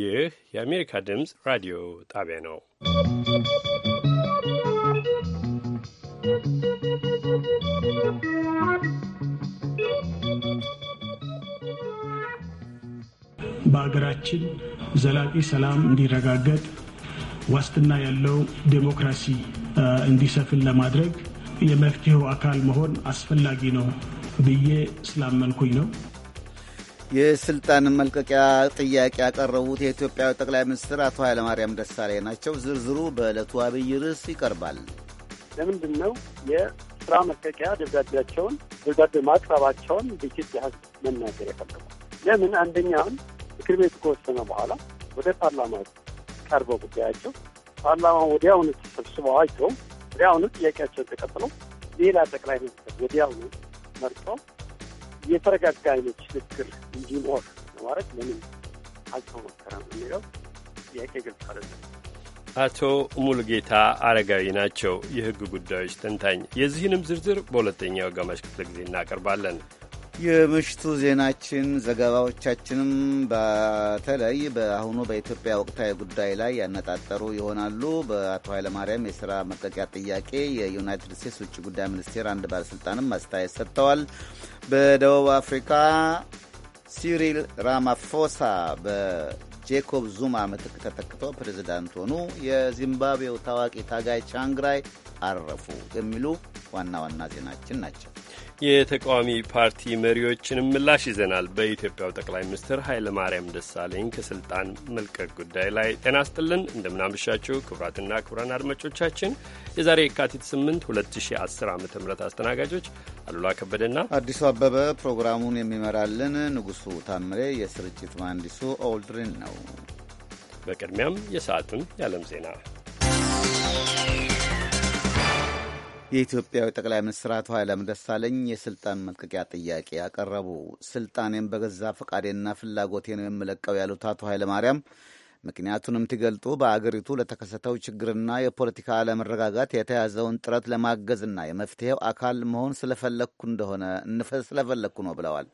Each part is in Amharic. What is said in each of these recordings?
ይህ የአሜሪካ ድምፅ ራዲዮ ጣቢያ ነው። በሀገራችን ዘላቂ ሰላም እንዲረጋገጥ ዋስትና ያለው ዴሞክራሲ እንዲሰፍን ለማድረግ የመፍትሄው አካል መሆን አስፈላጊ ነው ብዬ ስላመንኩኝ ነው። የስልጣን መልቀቂያ ጥያቄ ያቀረቡት የኢትዮጵያ ጠቅላይ ሚኒስትር አቶ ኃይለማርያም ደሳለኝ ናቸው። ዝርዝሩ በዕለቱ አብይ ርዕስ ይቀርባል። ለምንድን ነው የስራ መልቀቂያ ደብዳቤያቸውን ደብዳቤ ማቅረባቸውን በኢትዮጵያ ሕዝብ መናገር የፈለጉት? ለምን አንደኛውን ምክር ቤቱ ከወሰነ በኋላ ወደ ፓርላማ ቀርበው ጉዳያቸው ፓርላማ ወዲያውኑ ተሰብስበው አይቶ ወዲያውኑ ጥያቄያቸውን ተቀብለው ሌላ ጠቅላይ ሚኒስትር ወዲያውኑ መርጠው የተረጋጋ አይነት ሽግግር እንዲኖር ለማድረግ ለምን አልተሞከረም የሚለው ጥያቄ ግልጽ አይደለም። አቶ ሙሉጌታ አረጋዊ ናቸው የሕግ ጉዳዮች ተንታኝ። የዚህንም ዝርዝር በሁለተኛው አጋማሽ ክፍለ ጊዜ እናቀርባለን። የምሽቱ ዜናችን ዘገባዎቻችንም በተለይ በአሁኑ በኢትዮጵያ ወቅታዊ ጉዳይ ላይ ያነጣጠሩ ይሆናሉ። በአቶ ኃይለማርያም የስራ መልቀቂያ ጥያቄ የዩናይትድ ስቴትስ ውጭ ጉዳይ ሚኒስቴር አንድ ባለስልጣንም አስተያየት ሰጥተዋል። በደቡብ አፍሪካ ሲሪል ራማፎሳ በጄኮብ ዙማ ምትክ ተተክተው ፕሬዚዳንት ሆኑ። የዚምባብዌው ታዋቂ ታጋይ ቻንግራይ አረፉ የሚሉ ዋና ዋና ዜናችን ናቸው። የተቃዋሚ ፓርቲ መሪዎችንም ምላሽ ይዘናል። በኢትዮጵያው ጠቅላይ ሚኒስትር ኃይለማርያም ማርያም ደሳለኝ ከስልጣን መልቀቅ ጉዳይ ላይ ጤና ስጥልን። እንደምናመሻችሁ ክቡራትና ክቡራን አድማጮቻችን የዛሬ የካቲት 8 2010 ዓ ም አስተናጋጆች አሉላ ከበደና አዲሱ አበበ፣ ፕሮግራሙን የሚመራልን ንጉሱ ታምሬ፣ የስርጭት መሐንዲሱ ኦልድሪን ነው። በቅድሚያም የሰዓቱን የዓለም ዜና የኢትዮጵያው ጠቅላይ ሚኒስትር አቶ ኃይለም ደሳለኝ የስልጣን መልቀቂያ ጥያቄ ያቀረቡ። ስልጣኔን በገዛ ፈቃዴና ፍላጎቴ ነው የምለቀው ያሉት አቶ ማርያም ምክንያቱንም ትገልጡ በአገሪቱ ለተከሰተው ችግርና የፖለቲካ አለመረጋጋት የተያዘውን ጥረት ለማገዝና የመፍትሄው አካል መሆን ስለፈለግኩ እንደሆነ ስለፈለግኩ ነው ብለዋል።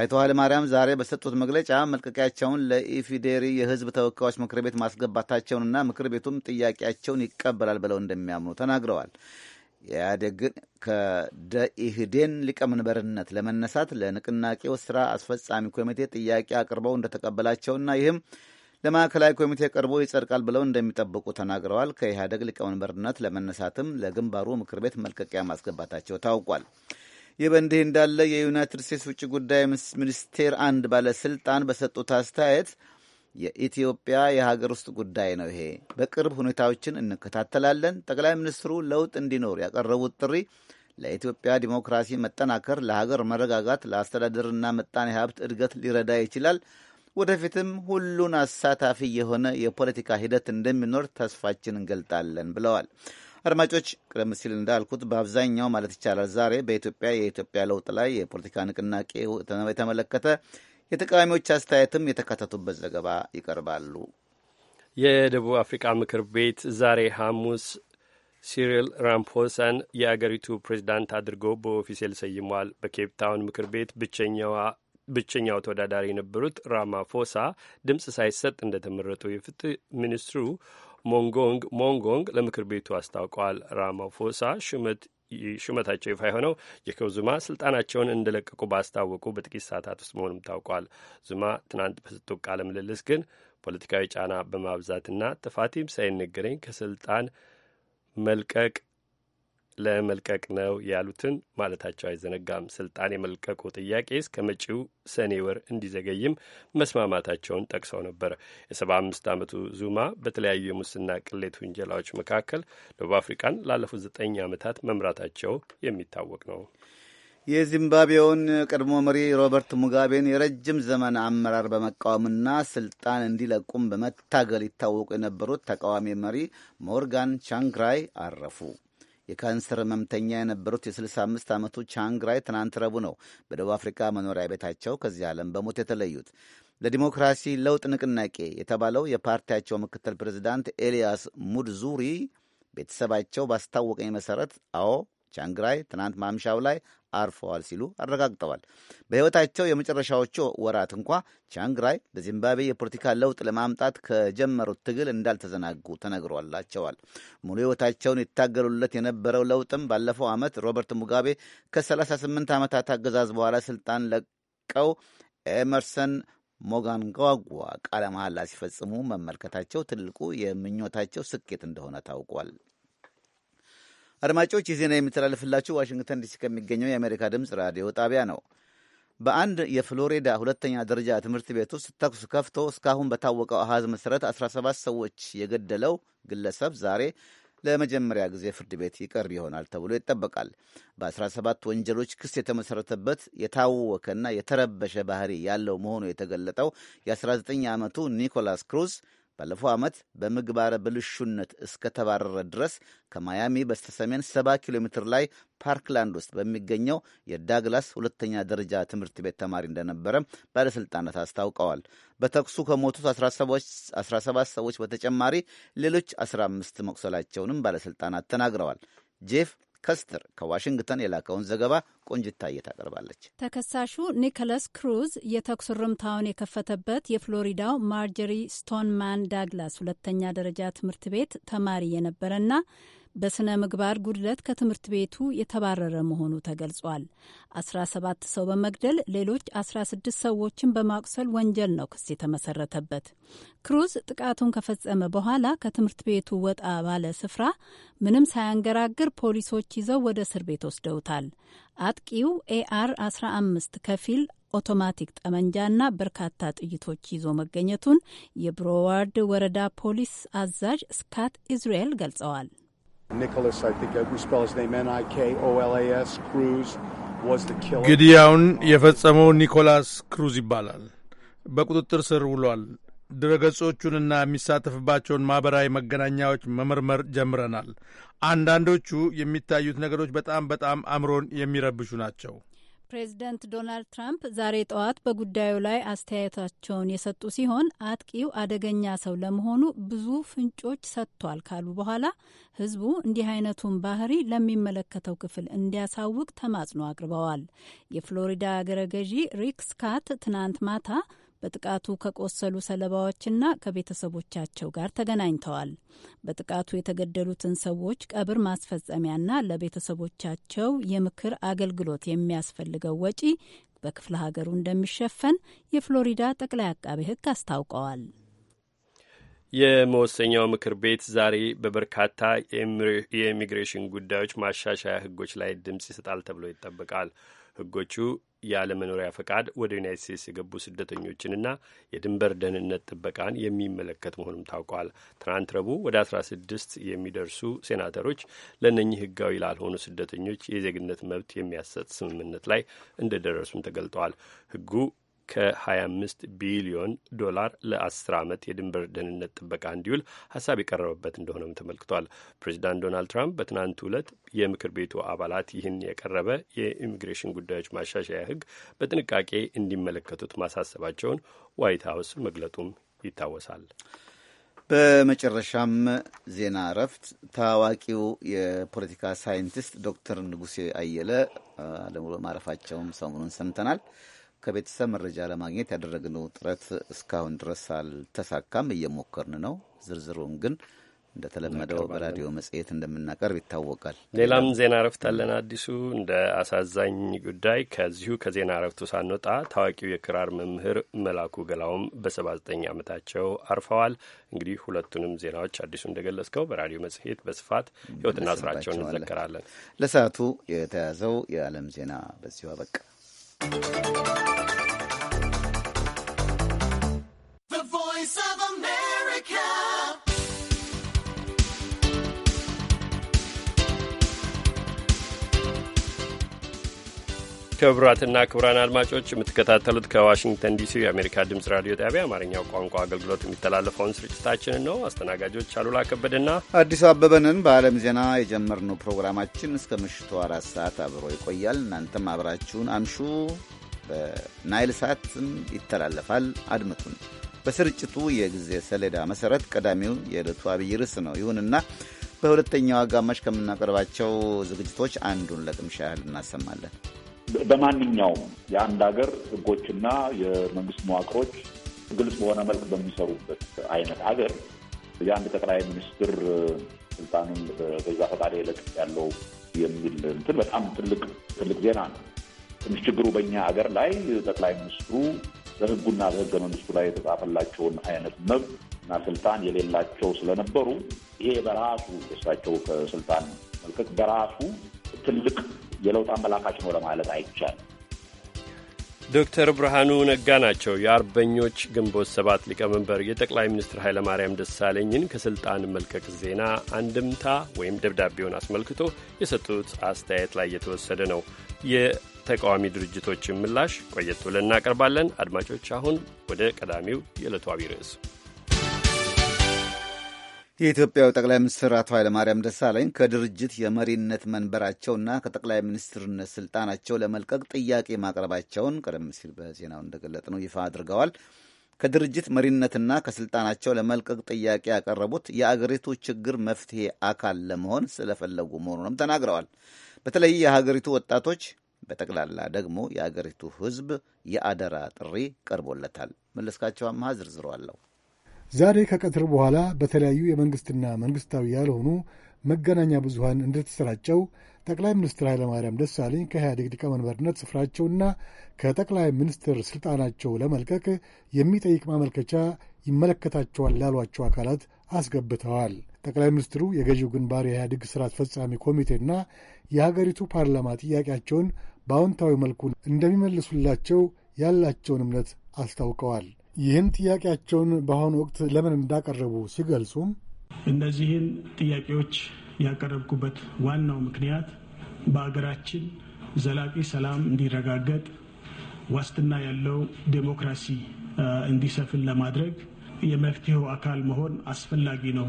አቶ ኃይለማርያም ዛሬ በሰጡት መግለጫ መልቀቂያቸውን ለኢፊዴሪ የሕዝብ ተወካዮች ምክር ቤት ማስገባታቸውንና ምክር ቤቱም ጥያቄያቸውን ይቀበላል ብለው እንደሚያምኑ ተናግረዋል። የኢህአዴግን ከደኢህዴን ሊቀመንበርነት ለመነሳት ለንቅናቄው ስራ አስፈጻሚ ኮሚቴ ጥያቄ አቅርበው እንደተቀበላቸውና ይህም ለማዕከላዊ ኮሚቴ ቀርቦ ይጸድቃል ብለው እንደሚጠብቁ ተናግረዋል። ከኢህአደግ ሊቀመንበርነት ለመነሳትም ለግንባሩ ምክር ቤት መልቀቂያ ማስገባታቸው ታውቋል። ይህ በእንዲህ እንዳለ የዩናይትድ ስቴትስ ውጭ ጉዳይ ሚኒስቴር አንድ ባለስልጣን በሰጡት አስተያየት የኢትዮጵያ የሀገር ውስጥ ጉዳይ ነው። ይሄ በቅርብ ሁኔታዎችን እንከታተላለን። ጠቅላይ ሚኒስትሩ ለውጥ እንዲኖር ያቀረቡት ጥሪ ለኢትዮጵያ ዲሞክራሲ መጠናከር፣ ለሀገር መረጋጋት፣ ለአስተዳደርና መጣን ሀብት እድገት ሊረዳ ይችላል። ወደፊትም ሁሉን አሳታፊ የሆነ የፖለቲካ ሂደት እንደሚኖር ተስፋችን እንገልጣለን ብለዋል። አድማጮች፣ ቀደም ሲል እንዳልኩት በአብዛኛው ማለት ይቻላል ዛሬ በኢትዮጵያ የኢትዮጵያ ለውጥ ላይ የፖለቲካ ንቅናቄ የተመለከተ የተቃዋሚዎች አስተያየትም የተካተቱበት ዘገባ ይቀርባሉ። የደቡብ አፍሪካ ምክር ቤት ዛሬ ሐሙስ ሲሪል ራምፖሳን የአገሪቱ ፕሬዚዳንት አድርጎ በኦፊሴል ሰይሟል። በኬፕታውን ምክር ቤት ብቸኛዋ ብቸኛው ተወዳዳሪ የነበሩት ራማፎሳ ድምፅ ሳይሰጥ እንደተመረጡ የፍትህ ሚኒስትሩ ሞንጎንግ ሞንጎንግ ለምክር ቤቱ አስታውቀዋል። ራማፎሳ ሹመት ሹመታቸው ይፋ የሆነው ጄኮብ ዙማ ስልጣናቸውን እንደለቀቁ ባስታወቁ በጥቂት ሰዓታት ውስጥ መሆኑም ታውቋል። ዙማ ትናንት በሰጡት ቃለ ምልልስ ግን ፖለቲካዊ ጫና በማብዛትና ጥፋቴም ሳይነገረኝ ከስልጣን መልቀቅ ለመልቀቅ ነው ያሉትን ማለታቸው አይዘነጋም። ስልጣን የመልቀቁ ጥያቄ እስከ መጪው ሰኔ ወር እንዲዘገይም መስማማታቸውን ጠቅሰው ነበር። የሰባ አምስት ዓመቱ ዙማ በተለያዩ የሙስና ቅሌት ውንጀላዎች መካከል ደቡብ አፍሪካን ላለፉት ዘጠኝ ዓመታት መምራታቸው የሚታወቅ ነው። የዚምባብዌውን ቀድሞ መሪ ሮበርት ሙጋቤን የረጅም ዘመን አመራር በመቃወምና ስልጣን እንዲለቁም በመታገል ይታወቁ የነበሩት ተቃዋሚ መሪ ሞርጋን ቻንግራይ አረፉ። የካንሰር ህመምተኛ የነበሩት የ65 ዓመቱ ቻንግራይ ትናንት ረቡዕ ነው በደቡብ አፍሪካ መኖሪያ ቤታቸው ከዚህ ዓለም በሞት የተለዩት። ለዲሞክራሲ ለውጥ ንቅናቄ የተባለው የፓርቲያቸው ምክትል ፕሬዚዳንት ኤልያስ ሙድዙሪ ቤተሰባቸው ባስታወቀኝ መሰረት አዎ ቻንግራይ ትናንት ማምሻው ላይ አርፈዋል ሲሉ አረጋግጠዋል። በሕይወታቸው የመጨረሻዎቹ ወራት እንኳ ቻንግራይ በዚምባብዌ የፖለቲካ ለውጥ ለማምጣት ከጀመሩት ትግል እንዳልተዘናጉ ተነግሯላቸዋል። ሙሉ ሕይወታቸውን ይታገሉለት የነበረው ለውጥም ባለፈው ዓመት ሮበርት ሙጋቤ ከ38 ዓመታት አገዛዝ በኋላ ስልጣን ለቀው ኤመርሰን ሞጋንጓጓ ቃለ መሐላ ሲፈጽሙ መመልከታቸው ትልቁ የምኞታቸው ስኬት እንደሆነ ታውቋል። አድማጮች የዜና ዜና የሚተላለፍላችሁ ዋሽንግተን ዲሲ ከሚገኘው የአሜሪካ ድምፅ ራዲዮ ጣቢያ ነው። በአንድ የፍሎሪዳ ሁለተኛ ደረጃ ትምህርት ቤት ውስጥ ተኩስ ከፍቶ እስካሁን በታወቀው አሃዝ መሠረት 17 ሰዎች የገደለው ግለሰብ ዛሬ ለመጀመሪያ ጊዜ ፍርድ ቤት ይቀርብ ይሆናል ተብሎ ይጠበቃል። በ17 ወንጀሎች ክስ የተመሠረተበት የታወከና የተረበሸ ባህሪ ያለው መሆኑ የተገለጠው የ19 ዓመቱ ኒኮላስ ክሩዝ ባለፈው ዓመት በምግባረ ብልሹነት እስከተባረረ ድረስ ከማያሚ በስተሰሜን 70 ኪሎ ሜትር ላይ ፓርክላንድ ውስጥ በሚገኘው የዳግላስ ሁለተኛ ደረጃ ትምህርት ቤት ተማሪ እንደነበረ ባለሥልጣናት አስታውቀዋል። በተኩሱ ከሞቱት 17 ሰዎች በተጨማሪ ሌሎች 15 መቁሰላቸውንም ባለሥልጣናት ተናግረዋል። ጄፍ ከስተር ከዋሽንግተን የላከውን ዘገባ ቆንጅታዬ ታቀርባለች። ተከሳሹ ኒኮላስ ክሩዝ የተኩስ ርምታውን የከፈተበት የፍሎሪዳው ማርጀሪ ስቶንማን ዳግላስ ሁለተኛ ደረጃ ትምህርት ቤት ተማሪ የነበረና በሥነ ምግባር ጉድለት ከትምህርት ቤቱ የተባረረ መሆኑ ተገልጿል። 17 ሰው በመግደል ሌሎች 16 ሰዎችን በማቁሰል ወንጀል ነው ክስ የተመሰረተበት። ክሩዝ ጥቃቱን ከፈጸመ በኋላ ከትምህርት ቤቱ ወጣ ባለ ስፍራ ምንም ሳያንገራግር ፖሊሶች ይዘው ወደ እስር ቤት ወስደውታል። አጥቂው ኤአር 15 ከፊል ኦቶማቲክ ጠመንጃና በርካታ ጥይቶች ይዞ መገኘቱን የብሮዋርድ ወረዳ ፖሊስ አዛዥ ስካት ኢዝራኤል ገልጸዋል። ግድያውን የፈጸመው ኒኮላስ ክሩዝ ይባላል። በቁጥጥር ስር ውሏል። ድረገጾቹንና የሚሳተፍባቸውን ማኅበራዊ መገናኛዎች መመርመር ጀምረናል። አንዳንዶቹ የሚታዩት ነገሮች በጣም በጣም አእምሮን የሚረብሹ ናቸው። ፕሬዚደንት ዶናልድ ትራምፕ ዛሬ ጠዋት በጉዳዩ ላይ አስተያየታቸውን የሰጡ ሲሆን አጥቂው አደገኛ ሰው ለመሆኑ ብዙ ፍንጮች ሰጥቷል ካሉ በኋላ ሕዝቡ እንዲህ አይነቱን ባህሪ ለሚመለከተው ክፍል እንዲያሳውቅ ተማጽኖ አቅርበዋል። የፍሎሪዳ አገረ ገዢ ሪክ ስካት ትናንት ማታ በጥቃቱ ከቆሰሉ ሰለባዎችና ከቤተሰቦቻቸው ጋር ተገናኝተዋል። በጥቃቱ የተገደሉትን ሰዎች ቀብር ማስፈጸሚያና ለቤተሰቦቻቸው የምክር አገልግሎት የሚያስፈልገው ወጪ በክፍለ ሀገሩ እንደሚሸፈን የፍሎሪዳ ጠቅላይ አቃቤ ሕግ አስታውቀዋል። የመወሰኛው ምክር ቤት ዛሬ በበርካታ የኢሚግሬሽን ጉዳዮች ማሻሻያ ህጎች ላይ ድምፅ ይሰጣል ተብሎ ይጠበቃል። ህጎቹ መኖሪያ ፈቃድ ወደ ዩናይት ስቴትስ የገቡ ስደተኞችንና የድንበር ደህንነት ጥበቃን የሚመለከት መሆኑም ታውቋል። ትናንት ረቡዕ ወደ አስራ ስድስት የሚደርሱ ሴናተሮች ለእነኚህ ህጋዊ ላልሆኑ ስደተኞች የዜግነት መብት የሚያሰጥ ስምምነት ላይ እንደደረሱም ተገልጠዋል። ህጉ ከ25 ቢሊዮን ዶላር ለ10 ዓመት የድንበር ደህንነት ጥበቃ እንዲውል ሀሳብ የቀረበበት እንደሆነም ተመልክቷል። ፕሬዚዳንት ዶናልድ ትራምፕ በትናንት ዕለት የምክር ቤቱ አባላት ይህን የቀረበ የኢሚግሬሽን ጉዳዮች ማሻሻያ ህግ በጥንቃቄ እንዲመለከቱት ማሳሰባቸውን ዋይት ሀውስ መግለጡም ይታወሳል። በመጨረሻም ዜና እረፍት። ታዋቂው የፖለቲካ ሳይንቲስት ዶክተር ንጉሴ አየለ አለሙሎ ማረፋቸውም ሰሞኑን ሰምተናል። ከቤተሰብ መረጃ ለማግኘት ያደረግነው ጥረት እስካሁን ድረስ አልተሳካም። እየሞከርን ነው። ዝርዝሩን ግን እንደተለመደው በራዲዮ መጽሔት እንደምናቀርብ ይታወቃል። ሌላም ዜና እረፍት አለን። አዲሱ እንደ አሳዛኝ ጉዳይ ከዚሁ ከዜና እረፍቱ ሳንወጣ ታዋቂው የክራር መምህር መላኩ ገላውም በሰባ ዘጠኝ ዓመታቸው አርፈዋል። እንግዲህ ሁለቱንም ዜናዎች አዲሱ እንደገለጽከው በራዲዮ መጽሔት በስፋት ሕይወትና ስራቸውን እንዘከራለን። ለሰዓቱ የተያዘው የዓለም ዜና በዚሁ አበቃ። ክቡራትና ክቡራን አድማጮች የምትከታተሉት ከዋሽንግተን ዲሲ የአሜሪካ ድምፅ ራዲዮ ጣቢያ አማርኛው ቋንቋ አገልግሎት የሚተላለፈውን ስርጭታችንን ነው። አስተናጋጆች አሉላ ከበደና አዲሱ አበበንን በዓለም ዜና የጀመርነው ፕሮግራማችን እስከ ምሽቱ አራት ሰዓት አብሮ ይቆያል። እናንተም አብራችሁን አምሹ። በናይል ሳትም ይተላለፋል። አድምጡን። በስርጭቱ የጊዜ ሰሌዳ መሰረት ቀዳሚው የዕለቱ አብይ ርዕስ ነው። ይሁንና በሁለተኛው አጋማሽ ከምናቀርባቸው ዝግጅቶች አንዱን ለቅምሻ ያህል እናሰማለን። በማንኛውም የአንድ ሀገር ህጎችና የመንግስት መዋቅሮች ግልጽ በሆነ መልክ በሚሰሩበት አይነት ሀገር የአንድ ጠቅላይ ሚኒስትር ስልጣኑን በዛ ፈቃደ ይለቅ ያለው የሚል እንትን በጣም ትልቅ ትልቅ ዜና ነው። ትንሽ ችግሩ በእኛ ሀገር ላይ ጠቅላይ ሚኒስትሩ በህጉና በህገ መንግስቱ ላይ የተጻፈላቸውን አይነት መብት እና ስልጣን የሌላቸው ስለነበሩ ይሄ በራሱ እሳቸው ከስልጣን መልከት በራሱ ትልቅ የለውጥ አመላካች ነው ለማለት አይቻልም። ዶክተር ብርሃኑ ነጋ ናቸው የአርበኞች ግንቦት ሰባት ሊቀመንበር። የጠቅላይ ሚኒስትር ኃይለማርያም ደሳለኝን ከስልጣን መልቀቅ ዜና አንድምታ ወይም ደብዳቤውን አስመልክቶ የሰጡት አስተያየት ላይ የተወሰደ ነው። የተቃዋሚ ድርጅቶችን ምላሽ ቆየት ብለን እናቀርባለን። አድማጮች፣ አሁን ወደ ቀዳሚው የዕለቱ አቢይ ርዕስ የኢትዮጵያው ጠቅላይ ሚኒስትር አቶ ኃይለማርያም ደሳለኝ ከድርጅት የመሪነት መንበራቸውና ከጠቅላይ ሚኒስትርነት ስልጣናቸው ለመልቀቅ ጥያቄ ማቅረባቸውን ቀደም ሲል በዜናው እንደገለጥ ነው ይፋ አድርገዋል። ከድርጅት መሪነትና ከስልጣናቸው ለመልቀቅ ጥያቄ ያቀረቡት የአገሪቱ ችግር መፍትሄ አካል ለመሆን ስለፈለጉ መሆኑንም ተናግረዋል። በተለይ የሀገሪቱ ወጣቶች፣ በጠቅላላ ደግሞ የአገሪቱ ሕዝብ የአደራ ጥሪ ቀርቦለታል። መለስካቸው አምሃ ዝርዝሯለሁ። ዛሬ ከቀትር በኋላ በተለያዩ የመንግሥትና መንግሥታዊ ያልሆኑ መገናኛ ብዙሃን እንደተሰራጨው ጠቅላይ ሚኒስትር ኃይለማርያም ደሳለኝ ከኢህአዴግ ሊቀመንበርነት ስፍራቸውና ከጠቅላይ ሚኒስትር ሥልጣናቸው ለመልቀቅ የሚጠይቅ ማመልከቻ ይመለከታቸዋል ላሏቸው አካላት አስገብተዋል። ጠቅላይ ሚኒስትሩ የገዢው ግንባር የኢህአዴግ ሥራ አስፈጻሚ ኮሚቴና የሀገሪቱ ፓርላማ ጥያቄያቸውን በአዎንታዊ መልኩ እንደሚመልሱላቸው ያላቸውን እምነት አስታውቀዋል። ይህን ጥያቄያቸውን በአሁኑ ወቅት ለምን እንዳቀረቡ ሲገልጹ እነዚህን ጥያቄዎች ያቀረብኩበት ዋናው ምክንያት በሀገራችን ዘላቂ ሰላም እንዲረጋገጥ ዋስትና ያለው ዴሞክራሲ እንዲሰፍን ለማድረግ የመፍትሄው አካል መሆን አስፈላጊ ነው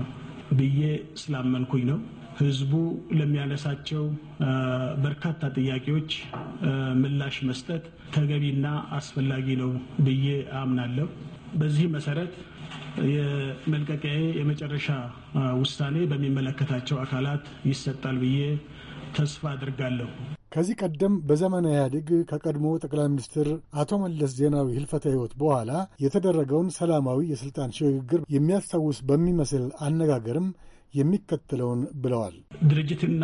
ብዬ ስላመንኩኝ ነው። ህዝቡ ለሚያነሳቸው በርካታ ጥያቄዎች ምላሽ መስጠት ተገቢና አስፈላጊ ነው ብዬ አምናለሁ። በዚህ መሰረት የመልቀቂያዬ የመጨረሻ ውሳኔ በሚመለከታቸው አካላት ይሰጣል ብዬ ተስፋ አድርጋለሁ። ከዚህ ቀደም በዘመነ ኢህአዴግ ከቀድሞ ጠቅላይ ሚኒስትር አቶ መለስ ዜናዊ ህልፈተ ህይወት በኋላ የተደረገውን ሰላማዊ የስልጣን ሽግግር የሚያስታውስ በሚመስል አነጋገርም የሚከተለውን ብለዋል። ድርጅትና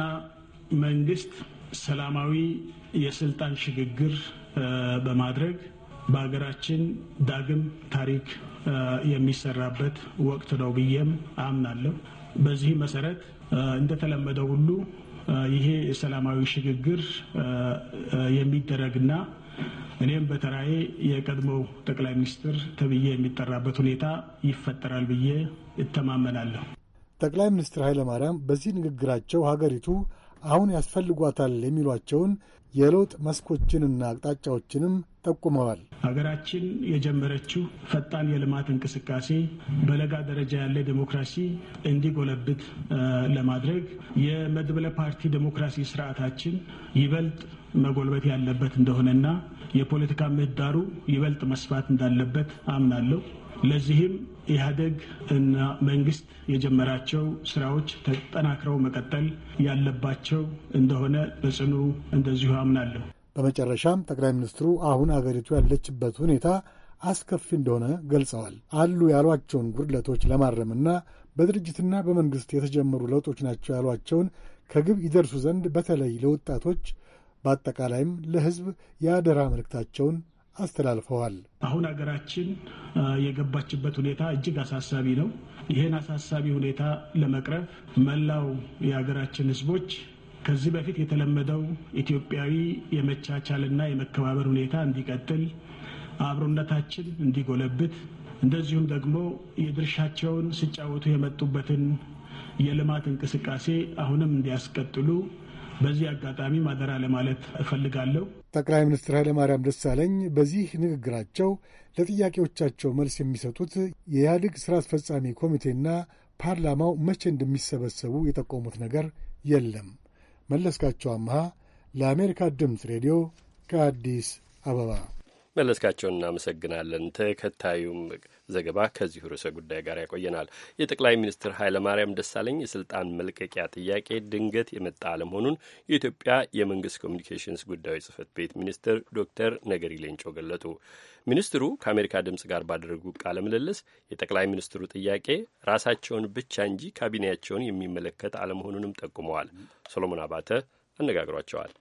መንግስት ሰላማዊ የስልጣን ሽግግር በማድረግ በሀገራችን ዳግም ታሪክ የሚሰራበት ወቅት ነው ብዬም አምናለሁ። በዚህ መሰረት እንደተለመደው ሁሉ ይሄ የሰላማዊ ሽግግር የሚደረግና እኔም በተራዬ የቀድሞው ጠቅላይ ሚኒስትር ተብዬ የሚጠራበት ሁኔታ ይፈጠራል ብዬ እተማመናለሁ። ጠቅላይ ሚኒስትር ኃይለ ማርያም በዚህ ንግግራቸው ሀገሪቱ አሁን ያስፈልጓታል የሚሏቸውን የለውጥ መስኮችንና አቅጣጫዎችንም ጠቁመዋል። ሀገራችን የጀመረችው ፈጣን የልማት እንቅስቃሴ በለጋ ደረጃ ያለ ዴሞክራሲ እንዲጎለብት ለማድረግ የመድበለ ፓርቲ ዴሞክራሲ ስርዓታችን ይበልጥ መጎልበት ያለበት እንደሆነና የፖለቲካ ምህዳሩ ይበልጥ መስፋት እንዳለበት አምናለሁ። ለዚህም ኢህአደግ እና መንግስት የጀመራቸው ስራዎች ተጠናክረው መቀጠል ያለባቸው እንደሆነ በጽኑ እንደዚሁ አምናለሁ። በመጨረሻም ጠቅላይ ሚኒስትሩ አሁን አገሪቱ ያለችበት ሁኔታ አስከፊ እንደሆነ ገልጸዋል። አሉ ያሏቸውን ጉድለቶች ለማረምና በድርጅትና በመንግስት የተጀመሩ ለውጦች ናቸው ያሏቸውን ከግብ ይደርሱ ዘንድ በተለይ ለወጣቶች በአጠቃላይም ለህዝብ የአደራ መልእክታቸውን አስተላልፈዋል። አሁን ሀገራችን የገባችበት ሁኔታ እጅግ አሳሳቢ ነው። ይህን አሳሳቢ ሁኔታ ለመቅረፍ መላው የሀገራችን ህዝቦች ከዚህ በፊት የተለመደው ኢትዮጵያዊ የመቻቻልና የመከባበር ሁኔታ እንዲቀጥል፣ አብሮነታችን እንዲጎለብት፣ እንደዚሁም ደግሞ የድርሻቸውን ሲጫወቱ የመጡበትን የልማት እንቅስቃሴ አሁንም እንዲያስቀጥሉ በዚህ አጋጣሚ ማደራ ለማለት እፈልጋለሁ። ጠቅላይ ሚኒስትር ኃይለማርያም ደሳለኝ በዚህ ንግግራቸው ለጥያቄዎቻቸው መልስ የሚሰጡት የኢህአዴግ ስራ አስፈጻሚ ኮሚቴና ፓርላማው መቼ እንደሚሰበሰቡ የጠቆሙት ነገር የለም። መለስካቸው አምሃ ለአሜሪካ ድምፅ ሬዲዮ ከአዲስ አበባ መለስካቸውን እናመሰግናለን። ተከታዩም ዘገባ ከዚሁ ርዕሰ ጉዳይ ጋር ያቆየናል። የጠቅላይ ሚኒስትር ኃይለማርያም ደሳለኝ የስልጣን መልቀቂያ ጥያቄ ድንገት የመጣ አለመሆኑን የኢትዮጵያ የመንግስት ኮሚኒኬሽንስ ጉዳዮች ጽህፈት ቤት ሚኒስትር ዶክተር ነገሪ ሌንጮ ገለጡ። ሚኒስትሩ ከአሜሪካ ድምፅ ጋር ባደረጉ ቃለ ምልልስ የጠቅላይ ሚኒስትሩ ጥያቄ ራሳቸውን ብቻ እንጂ ካቢኔያቸውን የሚመለከት አለመሆኑንም ጠቁመዋል። ሶሎሞን አባተ አነጋግሯቸዋል።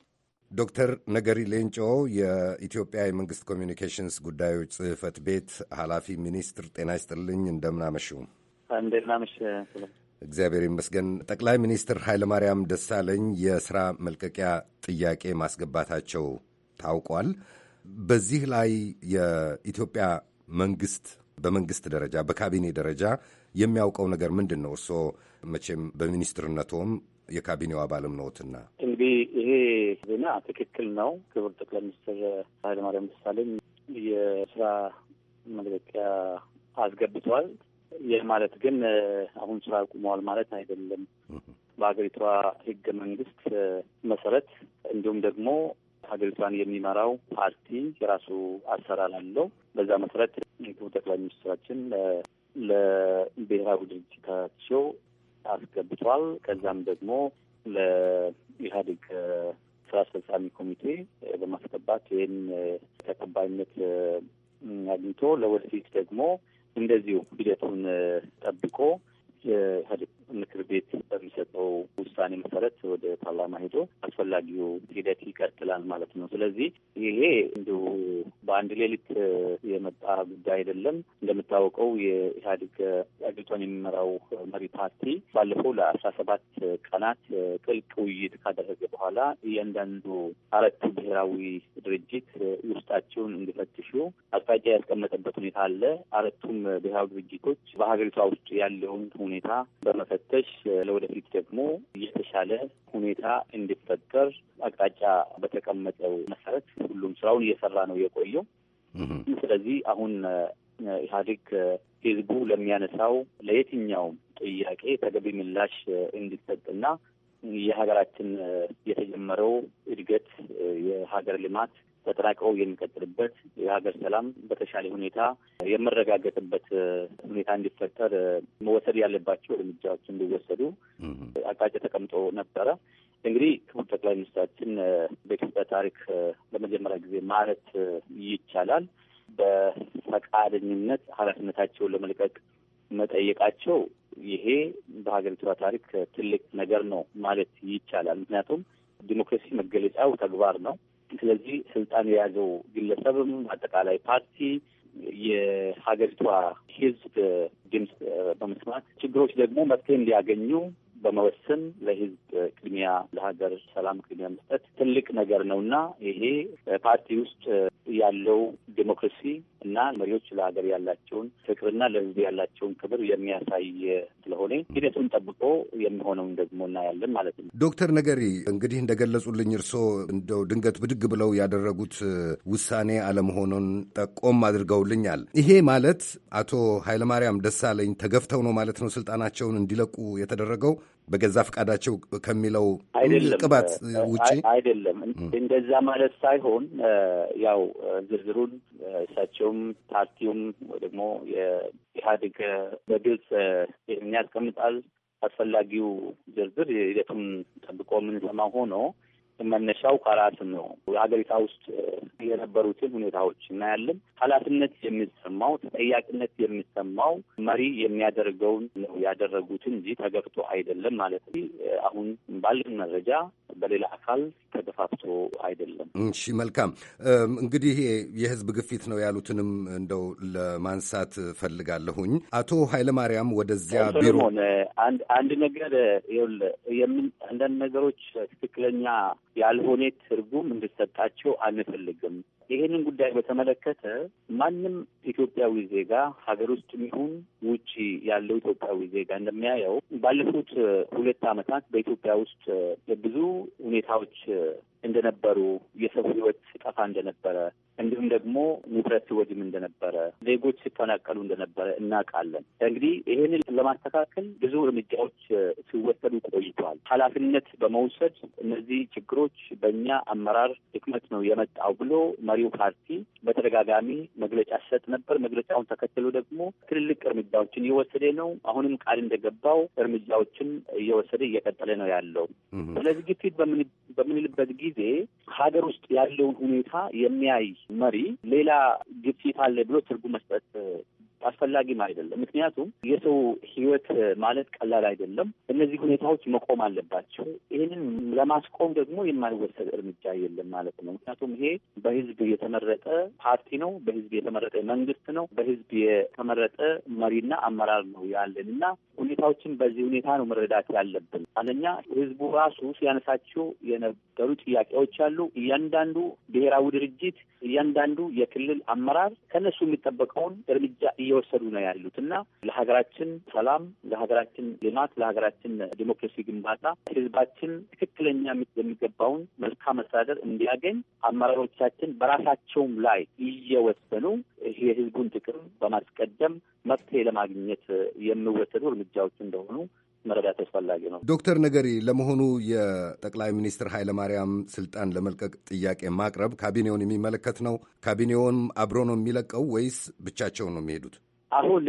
ዶክተር ነገሪ ሌንጮ የኢትዮጵያ የመንግስት ኮሚኒኬሽንስ ጉዳዮች ጽህፈት ቤት ኃላፊ ሚኒስትር፣ ጤና ይስጥልኝ። እንደምናመሹ እንደምናመሽ። እግዚአብሔር ይመስገን። ጠቅላይ ሚኒስትር ኃይለማርያም ደሳለኝ የስራ መልቀቂያ ጥያቄ ማስገባታቸው ታውቋል። በዚህ ላይ የኢትዮጵያ መንግስት በመንግስት ደረጃ በካቢኔ ደረጃ የሚያውቀው ነገር ምንድን ነው? እርስዎ መቼም በሚኒስትርነቶም የካቢኔው አባልም ነዎትና እንግዲህ ይሄ ዜና ትክክል ነው። ክቡር ጠቅላይ ሚኒስትር ኃይለማርያም ደሳለኝ የስራ መልቀቂያ አስገብተዋል። ይህ ማለት ግን አሁን ስራ አቁመዋል ማለት አይደለም። በሀገሪቷ ህገ መንግስት መሰረት እንዲሁም ደግሞ ሀገሪቷን የሚመራው ፓርቲ የራሱ አሰራር አለው። በዛ መሰረት ክቡር ጠቅላይ ሚኒስትራችን ለብሔራዊ ድርጅታቸው አስገብቷል። ከዛም ደግሞ ለኢህአዴግ ስራ አስፈጻሚ ኮሚቴ በማስገባት ይህን ተቀባይነት አግኝቶ ለወደፊት ደግሞ እንደዚሁ ሂደቱን ጠብቆ የኢህአዴግ ምክር ቤት በሚሰጠው ውሳኔ መሰረት ወደ ፓርላማ ሄዶ አስፈላጊው ሂደት ይቀጥላል ማለት ነው። ስለዚህ ይሄ እንዲሁ በአንድ ሌሊት የመጣ ጉዳይ አይደለም። እንደምታወቀው የኢህአዴግ አገሪቷን የሚመራው መሪ ፓርቲ ባለፈው ለአስራ ሰባት ቀናት ጥልቅ ውይይት ካደረገ በኋላ እያንዳንዱ አረቱ ብሔራዊ ድርጅት ውስጣቸውን እንዲፈትሹ አቅጣጫ ያስቀመጠበት ሁኔታ አለ። አረቱም ብሔራዊ ድርጅቶች በሀገሪቷ ውስጥ ያለውን ሁኔታ በመፈ በመፈተሽ ለወደፊት ደግሞ የተሻለ ሁኔታ እንዲፈጠር አቅጣጫ በተቀመጠው መሰረት ሁሉም ስራውን እየሰራ ነው የቆየው። ስለዚህ አሁን ኢህአዴግ ህዝቡ ለሚያነሳው ለየትኛውም ጥያቄ ተገቢ ምላሽ እንዲሰጥና የሀገራችን የተጀመረው እድገት የሀገር ልማት ተጠናቅሮ የሚቀጥልበት የሀገር ሰላም በተሻለ ሁኔታ የመረጋገጥበት ሁኔታ እንዲፈጠር መወሰድ ያለባቸው እርምጃዎች እንዲወሰዱ አቅጣጫ ተቀምጦ ነበረ። እንግዲህ ክቡር ጠቅላይ ሚኒስትራችን በኢትዮጵያ ታሪክ ለመጀመሪያ ጊዜ ማለት ይቻላል በፈቃደኝነት ኃላፊነታቸውን ለመልቀቅ መጠየቃቸው ይሄ በሀገሪቷ ታሪክ ትልቅ ነገር ነው ማለት ይቻላል። ምክንያቱም ዲሞክራሲ መገለጫው ተግባር ነው። ስለዚህ ስልጣን የያዘው ግለሰብም አጠቃላይ ፓርቲ የሀገሪቷ ሕዝብ ድምፅ በመስማት ችግሮች ደግሞ መፍትሄ እንዲያገኙ በመወሰን ለህዝብ ቅድሚያ፣ ለሀገር ሰላም ቅድሚያ መስጠት ትልቅ ነገር ነው እና ይሄ ፓርቲ ውስጥ ያለው ዴሞክራሲ እና መሪዎች ለሀገር ያላቸውን ፍቅርና ለህዝብ ያላቸውን ክብር የሚያሳይ ስለሆነ ሂደቱን ጠብቆ የሚሆነውን ደግሞ እናያለን ማለት ነው። ዶክተር ነገሪ እንግዲህ እንደገለጹልኝ እርስዎ እንደው ድንገት ብድግ ብለው ያደረጉት ውሳኔ አለመሆኑን ጠቆም አድርገውልኛል። ይሄ ማለት አቶ ኃይለማርያም ደሳለኝ ተገፍተው ነው ማለት ነው ስልጣናቸውን እንዲለቁ የተደረገው። በገዛ ፈቃዳቸው ከሚለው ቅባት ውጭ አይደለም። እንደዛ ማለት ሳይሆን ያው ዝርዝሩን እሳቸውም ፓርቲውም ወይ ደግሞ የኢህአዴግ በግልጽ ያስቀምጣል። አስፈላጊው ዝርዝር ሂደቱን ጠብቆ የምንሰማ ሆኖ መነሻው ከራስን ነው። ሀገሪቷ ውስጥ የነበሩትን ሁኔታዎች እናያለን። ኃላፊነት የሚሰማው ተጠያቂነት የሚሰማው መሪ የሚያደርገውን ነው ያደረጉትን እንጂ ተገብቶ አይደለም ማለት ነው። አሁን ባለን መረጃ በሌላ አካል ተገፋፍቶ አይደለም። እሺ፣ መልካም እንግዲህ የህዝብ ግፊት ነው ያሉትንም እንደው ለማንሳት ፈልጋለሁኝ። አቶ ኃይለማርያም ወደዚያ ቢሮ አንድ ነገር አንዳንድ ነገሮች ትክክለኛ ያልሆነ ትርጉም እንድሰጣቸው አንፈልግም። ይህንን ጉዳይ በተመለከተ ማንም ኢትዮጵያዊ ዜጋ ሀገር ውስጥ የሚሆን ውጭ ያለው ኢትዮጵያዊ ዜጋ እንደሚያየው ባለፉት ሁለት ዓመታት በኢትዮጵያ ውስጥ ብዙ ሁኔታዎች እንደነበሩ የሰው ሕይወት ጠፋ እንደነበረ እንዲሁም ደግሞ ንብረት ሲወድም እንደነበረ፣ ዜጎች ሲፈናቀሉ እንደነበረ እናውቃለን። እንግዲህ ይህንን ለማስተካከል ብዙ እርምጃዎች ሲወሰዱ ቆይቷል። ኃላፊነት በመውሰድ እነዚህ ችግሮች በእኛ አመራር ድክመት ነው የመጣው ብሎ መሪው ፓርቲ በተደጋጋሚ መግለጫ ሲሰጥ ነበር። መግለጫውን ተከትሎ ደግሞ ትልልቅ እርምጃዎችን እየወሰደ ነው። አሁንም ቃል እንደገባው እርምጃዎችን እየወሰደ እየቀጠለ ነው ያለው። ስለዚህ ግፊት በምንልበት ጊዜ ሀገር ውስጥ ያለውን ሁኔታ የሚያይ መሪ ሌላ ግፊት አለ ብሎ ትርጉም መስጠት አስፈላጊም አይደለም። ምክንያቱም የሰው ህይወት ማለት ቀላል አይደለም። እነዚህ ሁኔታዎች መቆም አለባቸው። ይህንን ለማስቆም ደግሞ የማይወሰድ እርምጃ የለም ማለት ነው። ምክንያቱም ይሄ በህዝብ የተመረጠ ፓርቲ ነው፣ በህዝብ የተመረጠ መንግስት ነው፣ በህዝብ የተመረጠ መሪና አመራር ነው ያለን እና ሁኔታዎችን በዚህ ሁኔታ ነው መረዳት ያለብን። አንደኛ ህዝቡ ራሱ ሲያነሳቸው የነበሩ ጥያቄዎች አሉ። እያንዳንዱ ብሔራዊ ድርጅት፣ እያንዳንዱ የክልል አመራር ከነሱ የሚጠበቀውን እርምጃ እየወሰዱ ነው ያሉት እና ለሀገራችን ሰላም፣ ለሀገራችን ልማት፣ ለሀገራችን ዲሞክራሲ ግንባታ ህዝባችን ትክክለኛ የሚገባውን መልካም መስተዳደር እንዲያገኝ አመራሮቻችን በራሳቸውም ላይ እየወሰኑ የህዝቡን ጥቅም በማስቀደም መፍትሄ ለማግኘት የሚወሰዱ እርምጃዎች እንደሆኑ መረዳት አስፈላጊ ነው። ዶክተር ነገሪ፣ ለመሆኑ የጠቅላይ ሚኒስትር ኃይለማርያም ስልጣን ለመልቀቅ ጥያቄ ማቅረብ ካቢኔውን የሚመለከት ነው? ካቢኔውን አብሮ ነው የሚለቀው ወይስ ብቻቸውን ነው የሚሄዱት? አሁን